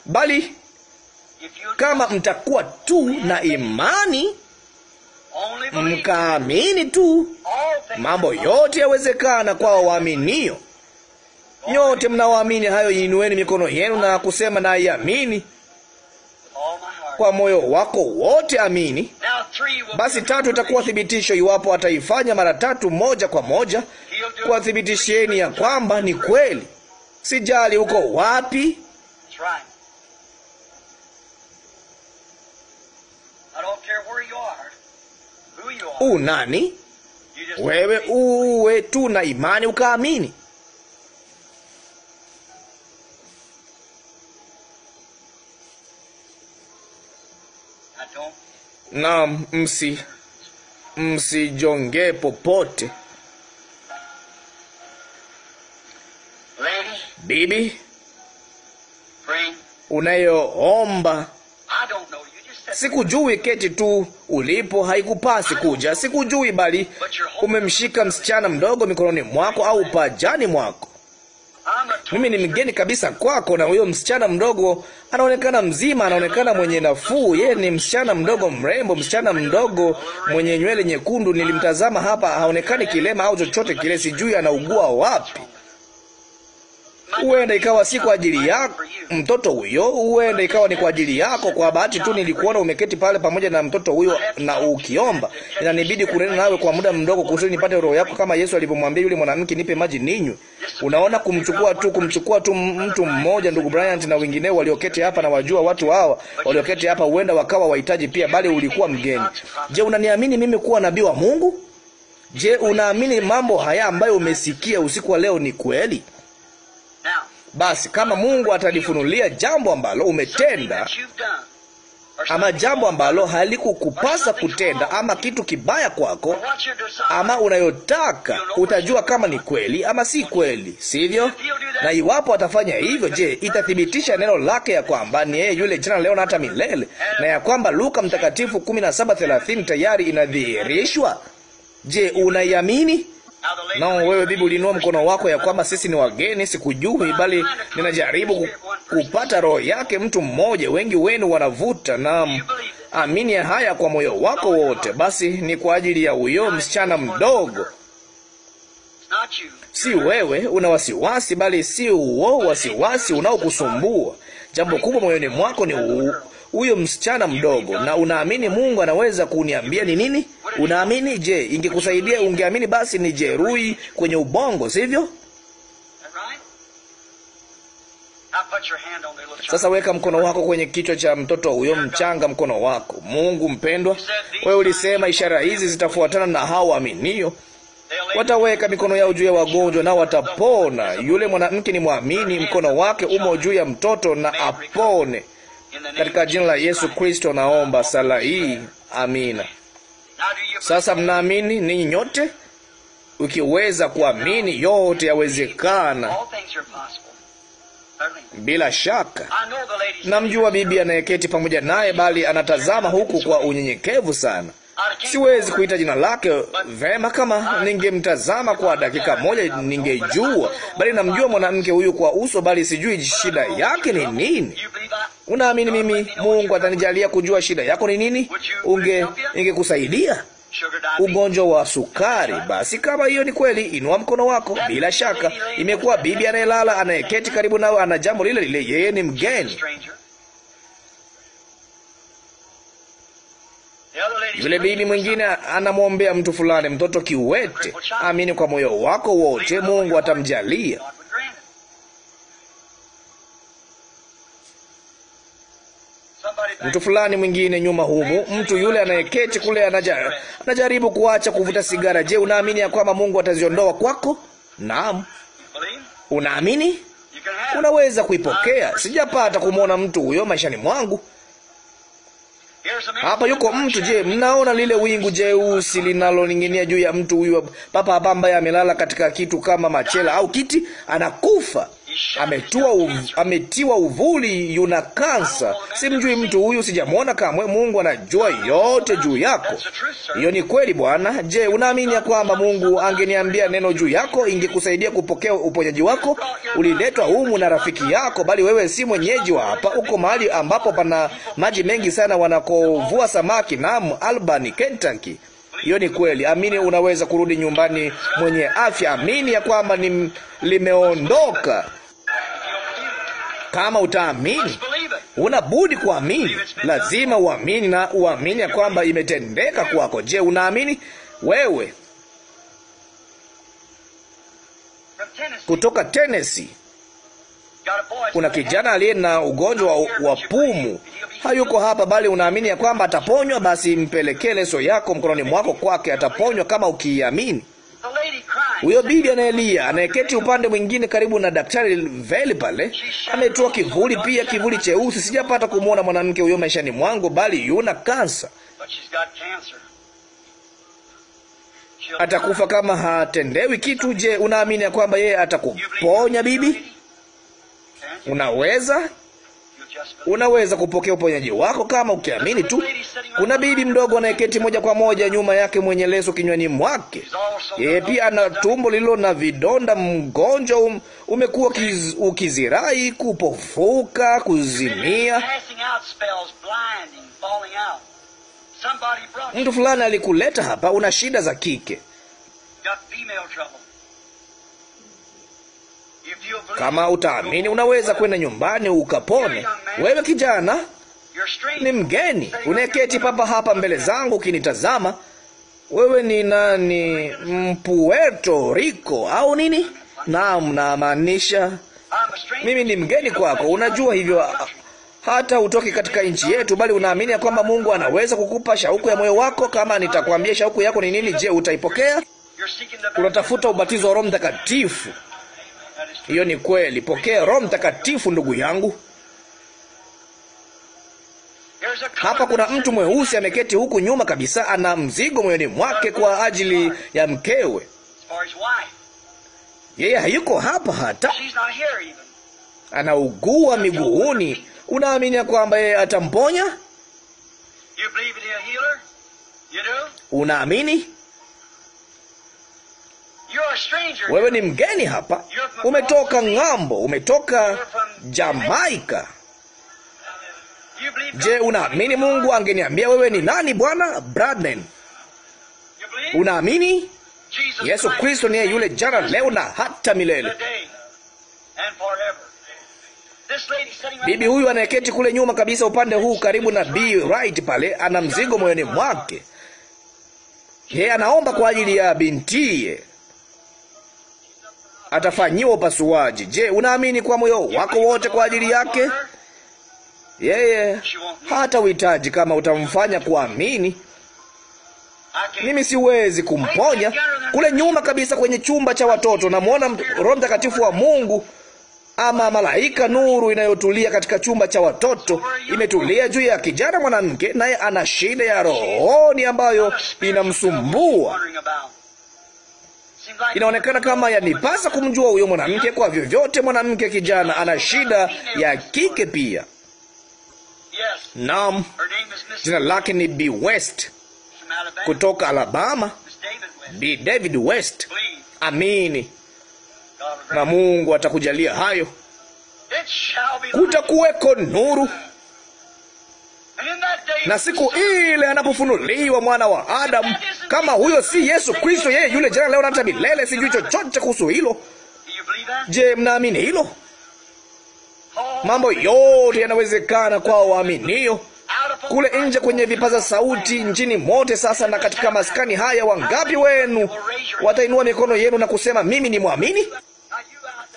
bali kama mtakuwa tu na imani mkaamini tu, mambo yote yawezekana kwa waaminio. Nyote mnaoamini hayo, inueni mikono yenu na kusema, naiamini kwa moyo wako wote, amini. Basi tatu itakuwa thibitisho, iwapo ataifanya mara tatu, moja kwa moja, kwa thibitisheni ya kwamba ni kweli, sijali uko wapi. U nani wewe, uwe tu na imani ukaamini. na msi msijongee popote. Bibi unayoomba sikujui, keti tu ulipo, haikupasi kuja. Sikujui, bali umemshika msichana mdogo mikononi mwako au pajani mwako mimi ni mgeni kabisa kwako. Na huyo msichana mdogo anaonekana mzima, anaonekana mwenye nafuu. Yeye ni msichana mdogo mrembo, msichana mdogo mwenye nywele nyekundu. Nilimtazama hapa, haonekani kilema au chochote kile, sijui anaugua wapi. Huenda ikawa si kwa ajili yako mtoto huyo, huenda ikawa ni kwa ajili yako. Kwa bahati tu nilikuona umeketi pale pamoja na mtoto huyo na ukiomba. Inanibidi kunena nawe kwa muda mdogo kusudi nipate roho yako, kama Yesu alivyomwambia yule mwanamke, nipe maji ninywe. Unaona, kumchukua tu kumchukua tu mtu mmoja, ndugu Bryant na wengineo walioketi hapa, na wajua watu hawa walioketi hapa huenda wakawa wahitaji pia, bali ulikuwa mgeni. Je, unaniamini mimi kuwa nabii wa Mungu? Je, unaamini mambo haya ambayo umesikia usiku wa leo ni kweli? Basi kama Mungu atalifunulia jambo ambalo umetenda ama jambo ambalo halikukupasa kutenda, ama kitu kibaya kwako, ama unayotaka, utajua kama ni kweli ama si kweli, sivyo? Na iwapo atafanya hivyo, je, itathibitisha neno lake ya kwamba ni yeye yule jana, leo na hata milele, na ya kwamba Luka Mtakatifu 17:30 tayari inadhihirishwa? Je, unaiamini? Nao wewe bibi uliinua mkono wako ya kwamba sisi ni wageni, sikujui, bali ninajaribu kupata roho yake mtu mmoja. Wengi wenu wanavuta na amini haya kwa moyo wako wote. Basi ni kwa ajili ya huyo msichana mdogo, si wewe. Una wasiwasi, bali si huo wasiwasi unaokusumbua. Jambo kubwa moyoni mwako ni u huyo msichana mdogo, na unaamini Mungu anaweza kuniambia ni nini? Unaamini? Je, ingekusaidia ungeamini? Basi ni jeruhi kwenye ubongo, sivyo? Sasa weka mkono wako kwenye kichwa cha mtoto huyo mchanga, mkono wako. Mungu mpendwa, wewe ulisema ishara hizi zitafuatana na hao waaminio, wataweka mikono yao juu ya wagonjwa na watapona. Yule mwanamke ni mwamini, mkono wake umo juu ya mtoto na apone. Katika jina la Yesu Kristo naomba sala hii, amina. Sasa mnaamini ninyi nyote? Ukiweza kuamini, yote yawezekana. Bila shaka namjua bibi anayeketi pamoja naye, bali anatazama huku kwa unyenyekevu sana siwezi kuita jina lake vema. Kama ningemtazama kwa dakika moja, ningejua, bali namjua mwanamke huyu kwa uso, bali sijui shida yake ni nini. Unaamini mimi Mungu atanijalia kujua shida yako ni nini? Unge ningekusaidia ugonjwa wa sukari. Basi kama hiyo ni kweli, inua mkono wako. Bila shaka imekuwa bibi anayelala anayeketi karibu nawe ana jambo lile lile, yeye ni mgeni Yule bibi mwingine anamwombea mtu fulani mtoto kiwete. Amini kwa moyo wako wote, Mungu atamjalia. Mtu fulani mwingine nyuma humu, mtu yule anayeketi kule anaja, anajaribu kuacha kuvuta sigara. Je, unaamini ya kwamba Mungu ataziondoa kwako? Naam. Unaamini? Unaweza kuipokea. Sijapata kumwona mtu huyo maishani mwangu. Hapa yuko mtu. Je, mnaona lile wingu jeusi linaloning'inia juu ya mtu huyu? Papa hapa ambaye amelala katika kitu kama machela au kiti, anakufa ametua uv, ametiwa uvuli, yuna kansa. Simjui mtu huyu, sijamwona kamwe. Mungu anajua yote juu yako. Hiyo ni kweli, Bwana. Je, unaamini ya kwamba Mungu angeniambia neno juu yako ingekusaidia kupokea uponyaji wako? Uliletwa humu na rafiki yako, bali wewe si mwenyeji wa hapa. Uko mahali ambapo pana maji mengi sana wanakovua samaki. nam Albany, Kentucky. Hiyo ni kweli. Amini unaweza kurudi nyumbani mwenye afya. Amini ya kwamba limeondoka kama utaamini, unabudi kuamini, lazima uamini na uamini ya kwamba imetendeka kwako. Je, unaamini wewe? Kutoka Tennessee kuna kijana aliye na ugonjwa wa, wa pumu, hayuko hapa, bali unaamini ya kwamba ataponywa, basi mpelekee leso yako mkononi mwako kwake, ataponywa kama ukiamini. Huyo bibi anayelia anayeketi upande mwingine karibu na daktari Veli pale ametoa kivuli, pia kivuli cheusi. Sijapata kumwona mwanamke huyo maishani mwangu, bali yuna kansa. Atakufa kama hatendewi kitu. Je, unaamini ya kwamba yeye atakuponya bibi? Unaweza Unaweza kupokea uponyaji wako kama ukiamini tu. Kuna bibi mdogo anayeketi moja kwa moja nyuma yake mwenye leso kinywani mwake. Yeye pia ana tumbo lililo na vidonda, mgonjwa um, umekuwa kiz, ukizirai, kupofuka, kuzimia. Mtu fulani alikuleta hapa, una shida za kike kama utaamini, unaweza kwenda nyumbani ukapone. Wewe kijana ni mgeni, uneketi papa hapa mbele zangu ukinitazama. Wewe ni nani? mpueto Rico au nini? Naam, namaanisha mimi ni mgeni kwako, unajua hivyo hata utoki katika nchi yetu, bali unaamini ya kwamba Mungu anaweza kukupa shauku ya moyo wako. Kama nitakwambia shauku yako ni nini, je, utaipokea? Unatafuta ubatizo wa Roho Mtakatifu. Hiyo ni kweli. Pokea Roho Mtakatifu, ndugu yangu. Hapa kuna mtu mweusi ameketi huku nyuma kabisa, ana mzigo moyoni mwake kwa ajili ya mkewe. Yeye hayuko hapa hata, anaugua miguuni. Unaamini kwamba yeye atamponya? Unaamini? Wewe ni mgeni hapa, umetoka ng'ambo, umetoka Jamaika. Je, unaamini Mungu angeniambia wewe ni nani bwana Bradman? Unaamini Yesu Kristo niye yule jana, leo na hata milele? Bibi huyu anayeketi kule nyuma kabisa, upande huu karibu na B right pale, ana mzigo moyoni mwake. Yeye anaomba kwa ajili ya bintiye atafanyiwa upasuaji. Je, unaamini kwa moyo wako wote kwa ajili yake? Yeye hata uhitaji kama utamfanya kuamini. Mimi siwezi kumponya. Kule nyuma kabisa kwenye chumba cha watoto, namwona Roho Mtakatifu wa Mungu ama malaika nuru inayotulia katika chumba cha watoto, imetulia juu ya kijana mwanamke, naye ana shida ya rohoni ambayo inamsumbua. Inaonekana kama yanipasa kumjua huyo mwanamke kwa vyovyote. Mwanamke kijana ana shida ya kike pia. Naam, jina lake ni B West kutoka Alabama, B David West. Amini na Mungu atakujalia hayo. Kutakuweko nuru na siku ile anapofunuliwa mwana wa Adamu, kama huyo si Yesu Kristo, yeye yule jana, leo na hata milele. Sijui chochote kuhusu hilo. Je, mnaamini hilo? Mambo yote yanawezekana kwa waaminio. Kule nje kwenye vipaza sauti nchini mote sasa na katika maskani haya, wangapi wenu watainua mikono yenu na kusema mimi ni mwamini?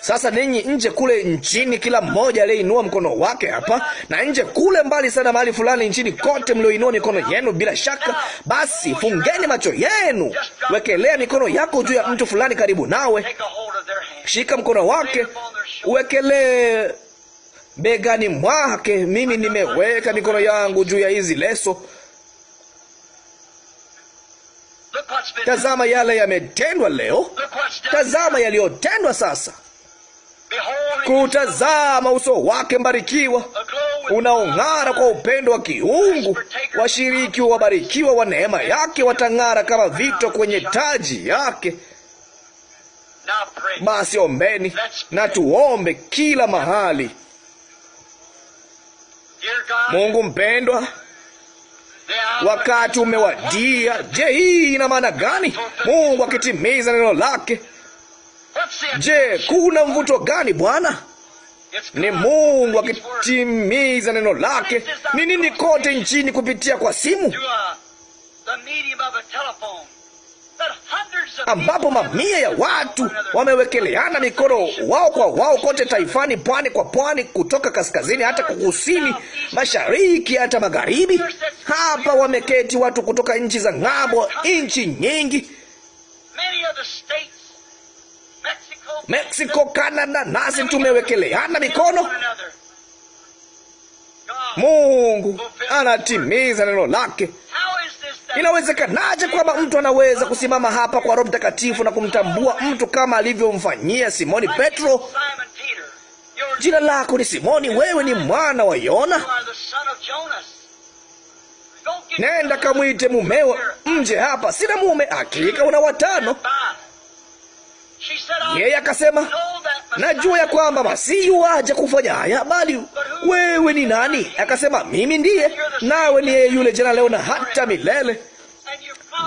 Sasa ninyi nje kule nchini, kila mmoja aliyeinua mkono wake hapa na nje kule mbali sana, mahali fulani nchini kote, mlioinua mikono yenu bila shaka, basi fungeni macho yenu, wekelea mikono yako juu ya mtu fulani karibu nawe, shika mkono wake, uwekelee begani mwake. Mimi nimeweka mikono yangu juu ya hizi leso. Tazama yale yametendwa leo, tazama yaliyotendwa sasa kutazama uso wake mbarikiwa unaong'ara kwa upendo wa kiungu. Washiriki wabarikiwa wa neema yake watang'ara kama vito kwenye taji yake. Basi ombeni na tuombe kila mahali. Mungu mpendwa, wakati umewadia. Je, hii ina maana gani? Mungu akitimiza neno lake Je, kuna mvuto gani Bwana? Ni Mungu akitimiza neno lake. Ni nini kote nchini kupitia kwa simu ambapo mamia ya watu wamewekeleana mikono wao kwa wao kote taifani, pwani kwa pwani, kutoka kaskazini hata kusini, mashariki hata magharibi. Hapa wameketi watu kutoka nchi za ng'ambo, nchi nyingi Mexico, Canada, nasi tumewekeleana mikono. Mungu anatimiza neno lake. Inawezekanaje kwamba mtu anaweza kusimama hapa kwa Roho Mtakatifu na kumtambua mtu kama alivyomfanyia Simoni Petro? Jina lako ni Simoni, wewe ni mwana wa Yona. Nenda kamwite mumeo mje hapa. Sina mume. Hakika una watano. Yeye akasema, najua ya kwamba Masihi waja kufanya haya, bali wewe ni nani? Akasema, mimi ndiye, nawe ni yeye yule jana, leo na hata milele,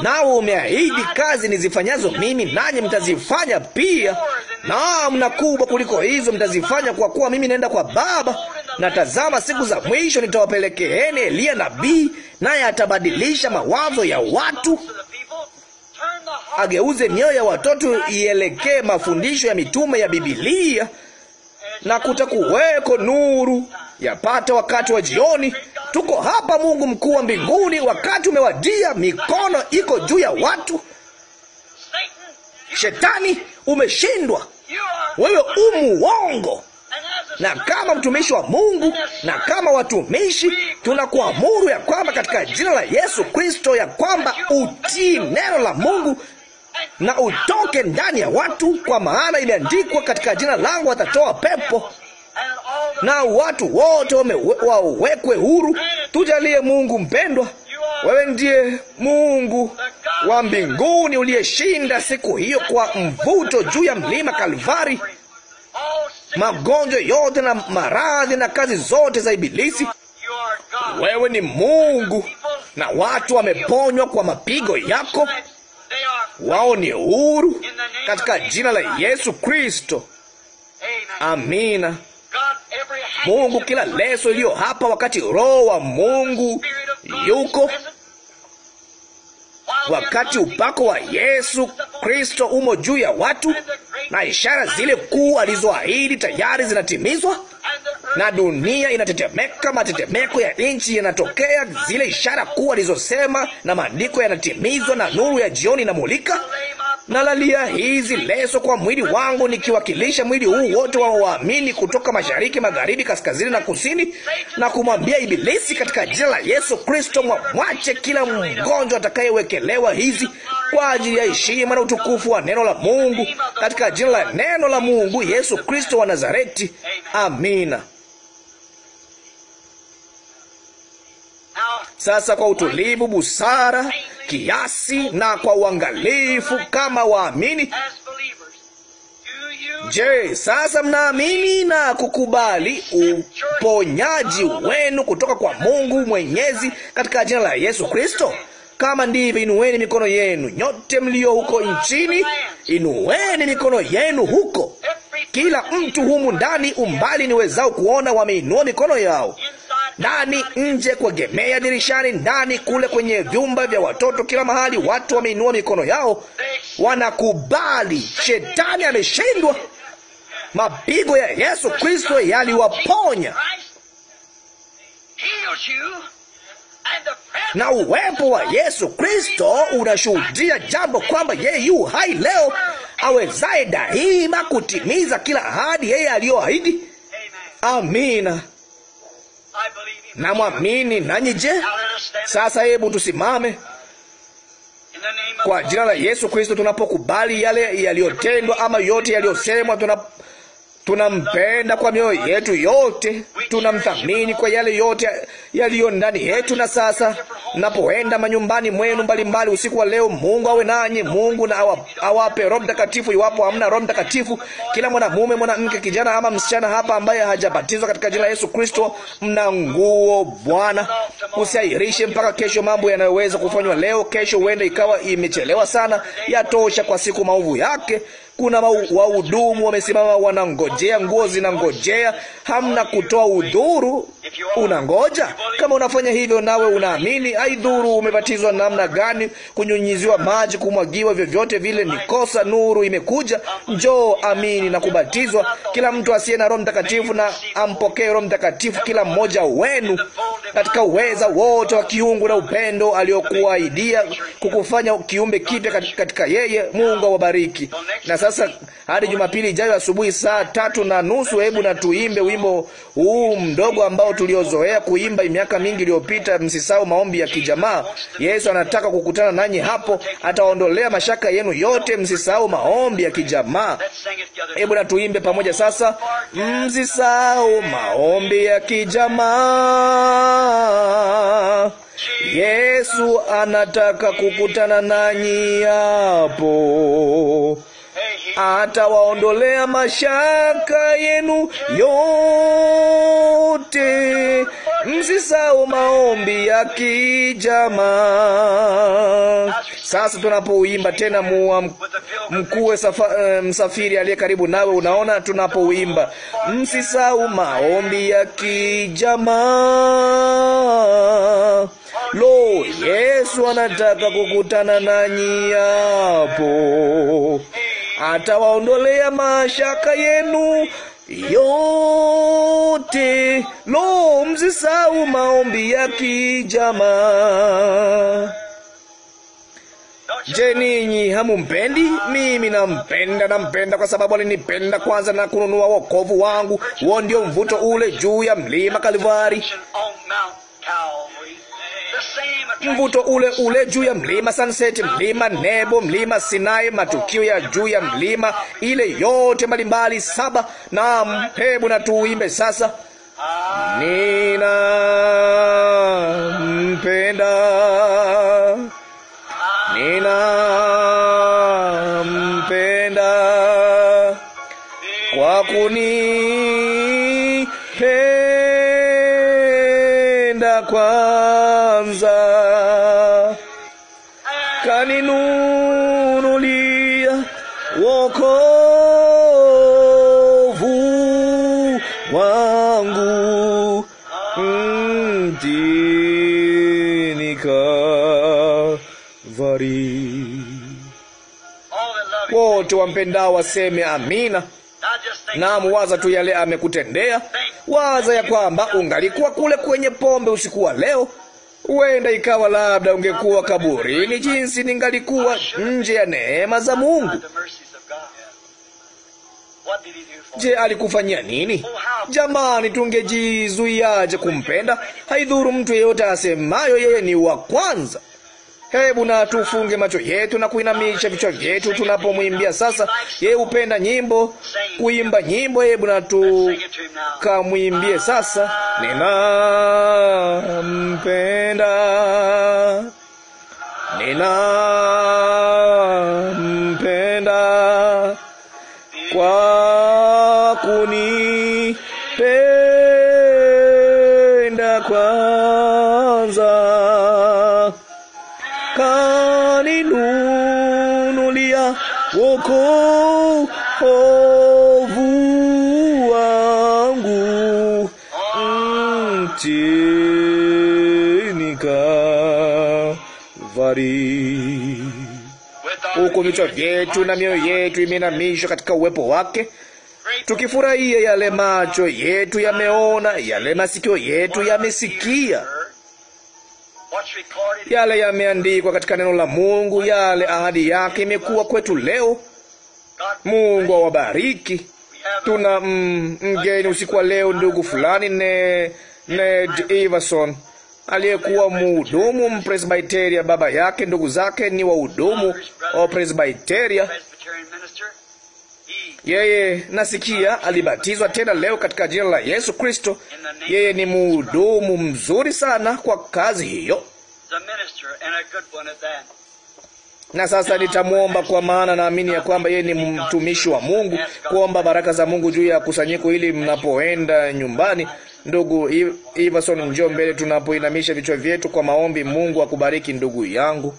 nawe umeahidi, kazi nizifanyazo mimi nanyi mtazifanya pia, naam, na kubwa kuliko hizo mtazifanya, kwa kuwa mimi naenda kwa Baba. Na tazama, siku za mwisho nitawapelekeeni Eliya nabii, naye atabadilisha mawazo ya watu ageuze mioyo ya watoto ielekee mafundisho ya mitume ya Bibilia, na kutakuweko nuru. Yapata wakati wa jioni, tuko hapa. Mungu mkuu wa mbinguni, wakati umewadia. Mikono iko juu ya watu. Shetani, umeshindwa. Wewe umuongo na kama mtumishi wa Mungu na kama watumishi tunakuamuru ya kwamba katika jina la Yesu Kristo, ya kwamba utii neno la Mungu na utoke ndani ya watu, kwa maana imeandikwa, katika jina langu watatoa pepo na watu wote wawekwe huru. Tujalie Mungu mpendwa, wewe ndiye Mungu wa mbinguni uliyeshinda siku hiyo kwa mvuto juu ya mlima Kalvari, magonjwa yote na maradhi na kazi zote za Ibilisi. Wewe ni Mungu na watu wameponywa kwa mapigo yako wao ni huru katika jina la Yesu Kristo. Amina. Mungu, kila leso iliyo hapa, wakati Roho wa Mungu yuko, wakati upako wa Yesu Kristo umo juu ya watu, na ishara zile kuu alizoahidi tayari zinatimizwa na dunia inatetemeka, matetemeko ya nchi yanatokea, zile ishara kuu alizosema na maandiko yanatimizwa, na nuru ya jioni inamulika. Nalalia hizi leso kwa mwili wangu, nikiwakilisha mwili huu wote wa waamini kutoka mashariki, magharibi, kaskazini na kusini, na kumwambia Ibilisi, katika jina la Yesu Kristo, mwamwache kila mgonjwa atakayewekelewa hizi kwa ajili ya heshima na utukufu wa neno la Mungu, katika jina la neno la Mungu Yesu Kristo wa Nazareti. Amina. Sasa kwa utulivu, busara, kiasi na kwa uangalifu kama waamini. Je, sasa mnaamini na kukubali uponyaji wenu kutoka kwa Mungu Mwenyezi katika jina la Yesu Kristo? Kama ndivyo, inueni mikono yenu nyote mlio huko nchini, inueni mikono yenu huko. Kila mtu humu ndani, umbali niwezao kuona, wameinua mikono yao ndani, nje, kuegemea dirishani, ndani, kule kwenye vyumba vya watoto, kila mahali. Watu wameinua mikono yao, wanakubali. Shetani ameshindwa. Mapigo ya Yesu Kristo yaliwaponya na uwepo wa Yesu Kristo unashuhudia jambo kwamba yeye yu hai leo, awezaye daima kutimiza kila ahadi yeye aliyoahidi. Amina namwamini. Nanyi je? Sasa hebu tusimame kwa jina la Yesu Kristo, tunapokubali yale yaliyotendwa ama yote yaliyosemwa, tunap Tunampenda kwa mioyo yetu yote, tunamthamini kwa yale yote yaliyo ndani yetu. Na sasa napoenda manyumbani mwenu mbalimbali usiku wa leo, Mungu awe nanyi. Mungu na awape Roho Mtakatifu, iwapo hamna Roho Mtakatifu. Kila mwanamume, mwanamke, kijana ama msichana hapa ambaye hajabatizwa katika jina la Yesu Kristo, mna nguo Bwana. Usiahirishe mpaka kesho mambo yanayoweza kufanywa leo. Kesho huenda ikawa imechelewa sana. Yatosha kwa siku maovu yake. Kuna wahudumu wamesimama, wanangojea, nguo zinangojea, hamna kutoa udhuru unangoja? Kama unafanya hivyo nawe unaamini, aidhuru umebatizwa namna gani, kunyunyiziwa maji, kumwagiwa, vyovyote vile ni kosa. Nuru imekuja, njoo amini na kubatizwa. Kila mtu asiye na Roho Mtakatifu na ampokee Roho Mtakatifu, kila mmoja wenu, katika uweza wote wa kiungu na upendo aliokuahidia kukufanya kiumbe kipya katika yeye. Mungu awabariki. Na sasa hadi Jumapili ijayo asubuhi saa tatu na nusu, hebu na tuimbe wimbo huu mdogo ambao tuliozoea kuimba miaka mingi iliyopita. Msisahau maombi ya kijamaa. Yesu anataka kukutana nanyi hapo, ataondolea mashaka yenu yote. Msisahau maombi ya kijamaa. Hebu na tuimbe pamoja sasa, msisahau maombi ya kijamaa. Yesu anataka kukutana nanyi hapo atawaondolea mashaka yenu yote. Msisahau maombi ya kijamaa. Sasa tunapouimba tena, muwa mkuwe eh, msafiri aliye karibu nawe. Unaona, tunapouimba msisahau maombi ya kijamaa. Lo, Yesu anataka kukutana nanyi hapo atawaondolea mashaka yenu yote. Lo, msisahau maombi ya kijamaa. Je, ninyi hamumpendi? Mimi nampenda, nampenda kwa sababu alinipenda kwanza na kununua wokovu wangu. Huo ndio mvuto ule juu ya mlima kalivari mvuto ule ule juu ya mlima Sunset, mlima Nebo, mlima Sinai, matukio ya juu ya mlima, ile yote mbalimbali saba. na hebu na tuimbe sasa. Nina mpenda, nina mpenda kwa kuni wote wampendao waseme amina. Naam, waza tu yale amekutendea. Waza ya kwamba ungalikuwa kule kwenye pombe usiku wa leo, huenda ikawa labda ungekuwa kaburini, jinsi ningalikuwa nje ya neema za Mungu. Je, alikufanyia nini? Jamani, tungejizuiaje kumpenda? Haidhuru mtu yeyote asemayo yeye ni wa kwanza. Hebu na tufunge macho yetu na kuinamisha vichwa vyetu tunapomwimbia sasa. Yeye upenda nyimbo, kuimba nyimbo. Hebu na tukamwimbie sasa, ninampenda, ninampenda huku vichwa vyetu na mioyo yetu imeinamishwa katika uwepo wake, tukifurahia yale macho yetu yameona, yale masikio yetu yamesikia, yale yameandikwa katika neno la Mungu, yale ahadi yake imekuwa kwetu leo. Mungu awabariki. Tuna mm, mgeni usiku wa leo, ndugu fulani Ned Iverson aliyekuwa mhudumu mpresbiteria. Baba yake ndugu zake ni wahudumu wa presbiteria. Yeye nasikia alibatizwa tena leo katika jina la Yesu Kristo. Yeye ni muhudumu mzuri sana kwa kazi hiyo, na sasa nitamwomba kwa maana naamini ya kwamba yeye ni mtumishi wa Mungu, kuomba baraka za Mungu juu ya kusanyiko hili mnapoenda nyumbani. Ndugu Iverson, njoo mbele tunapoinamisha vichwa vyetu kwa maombi. Mungu akubariki ndugu yangu.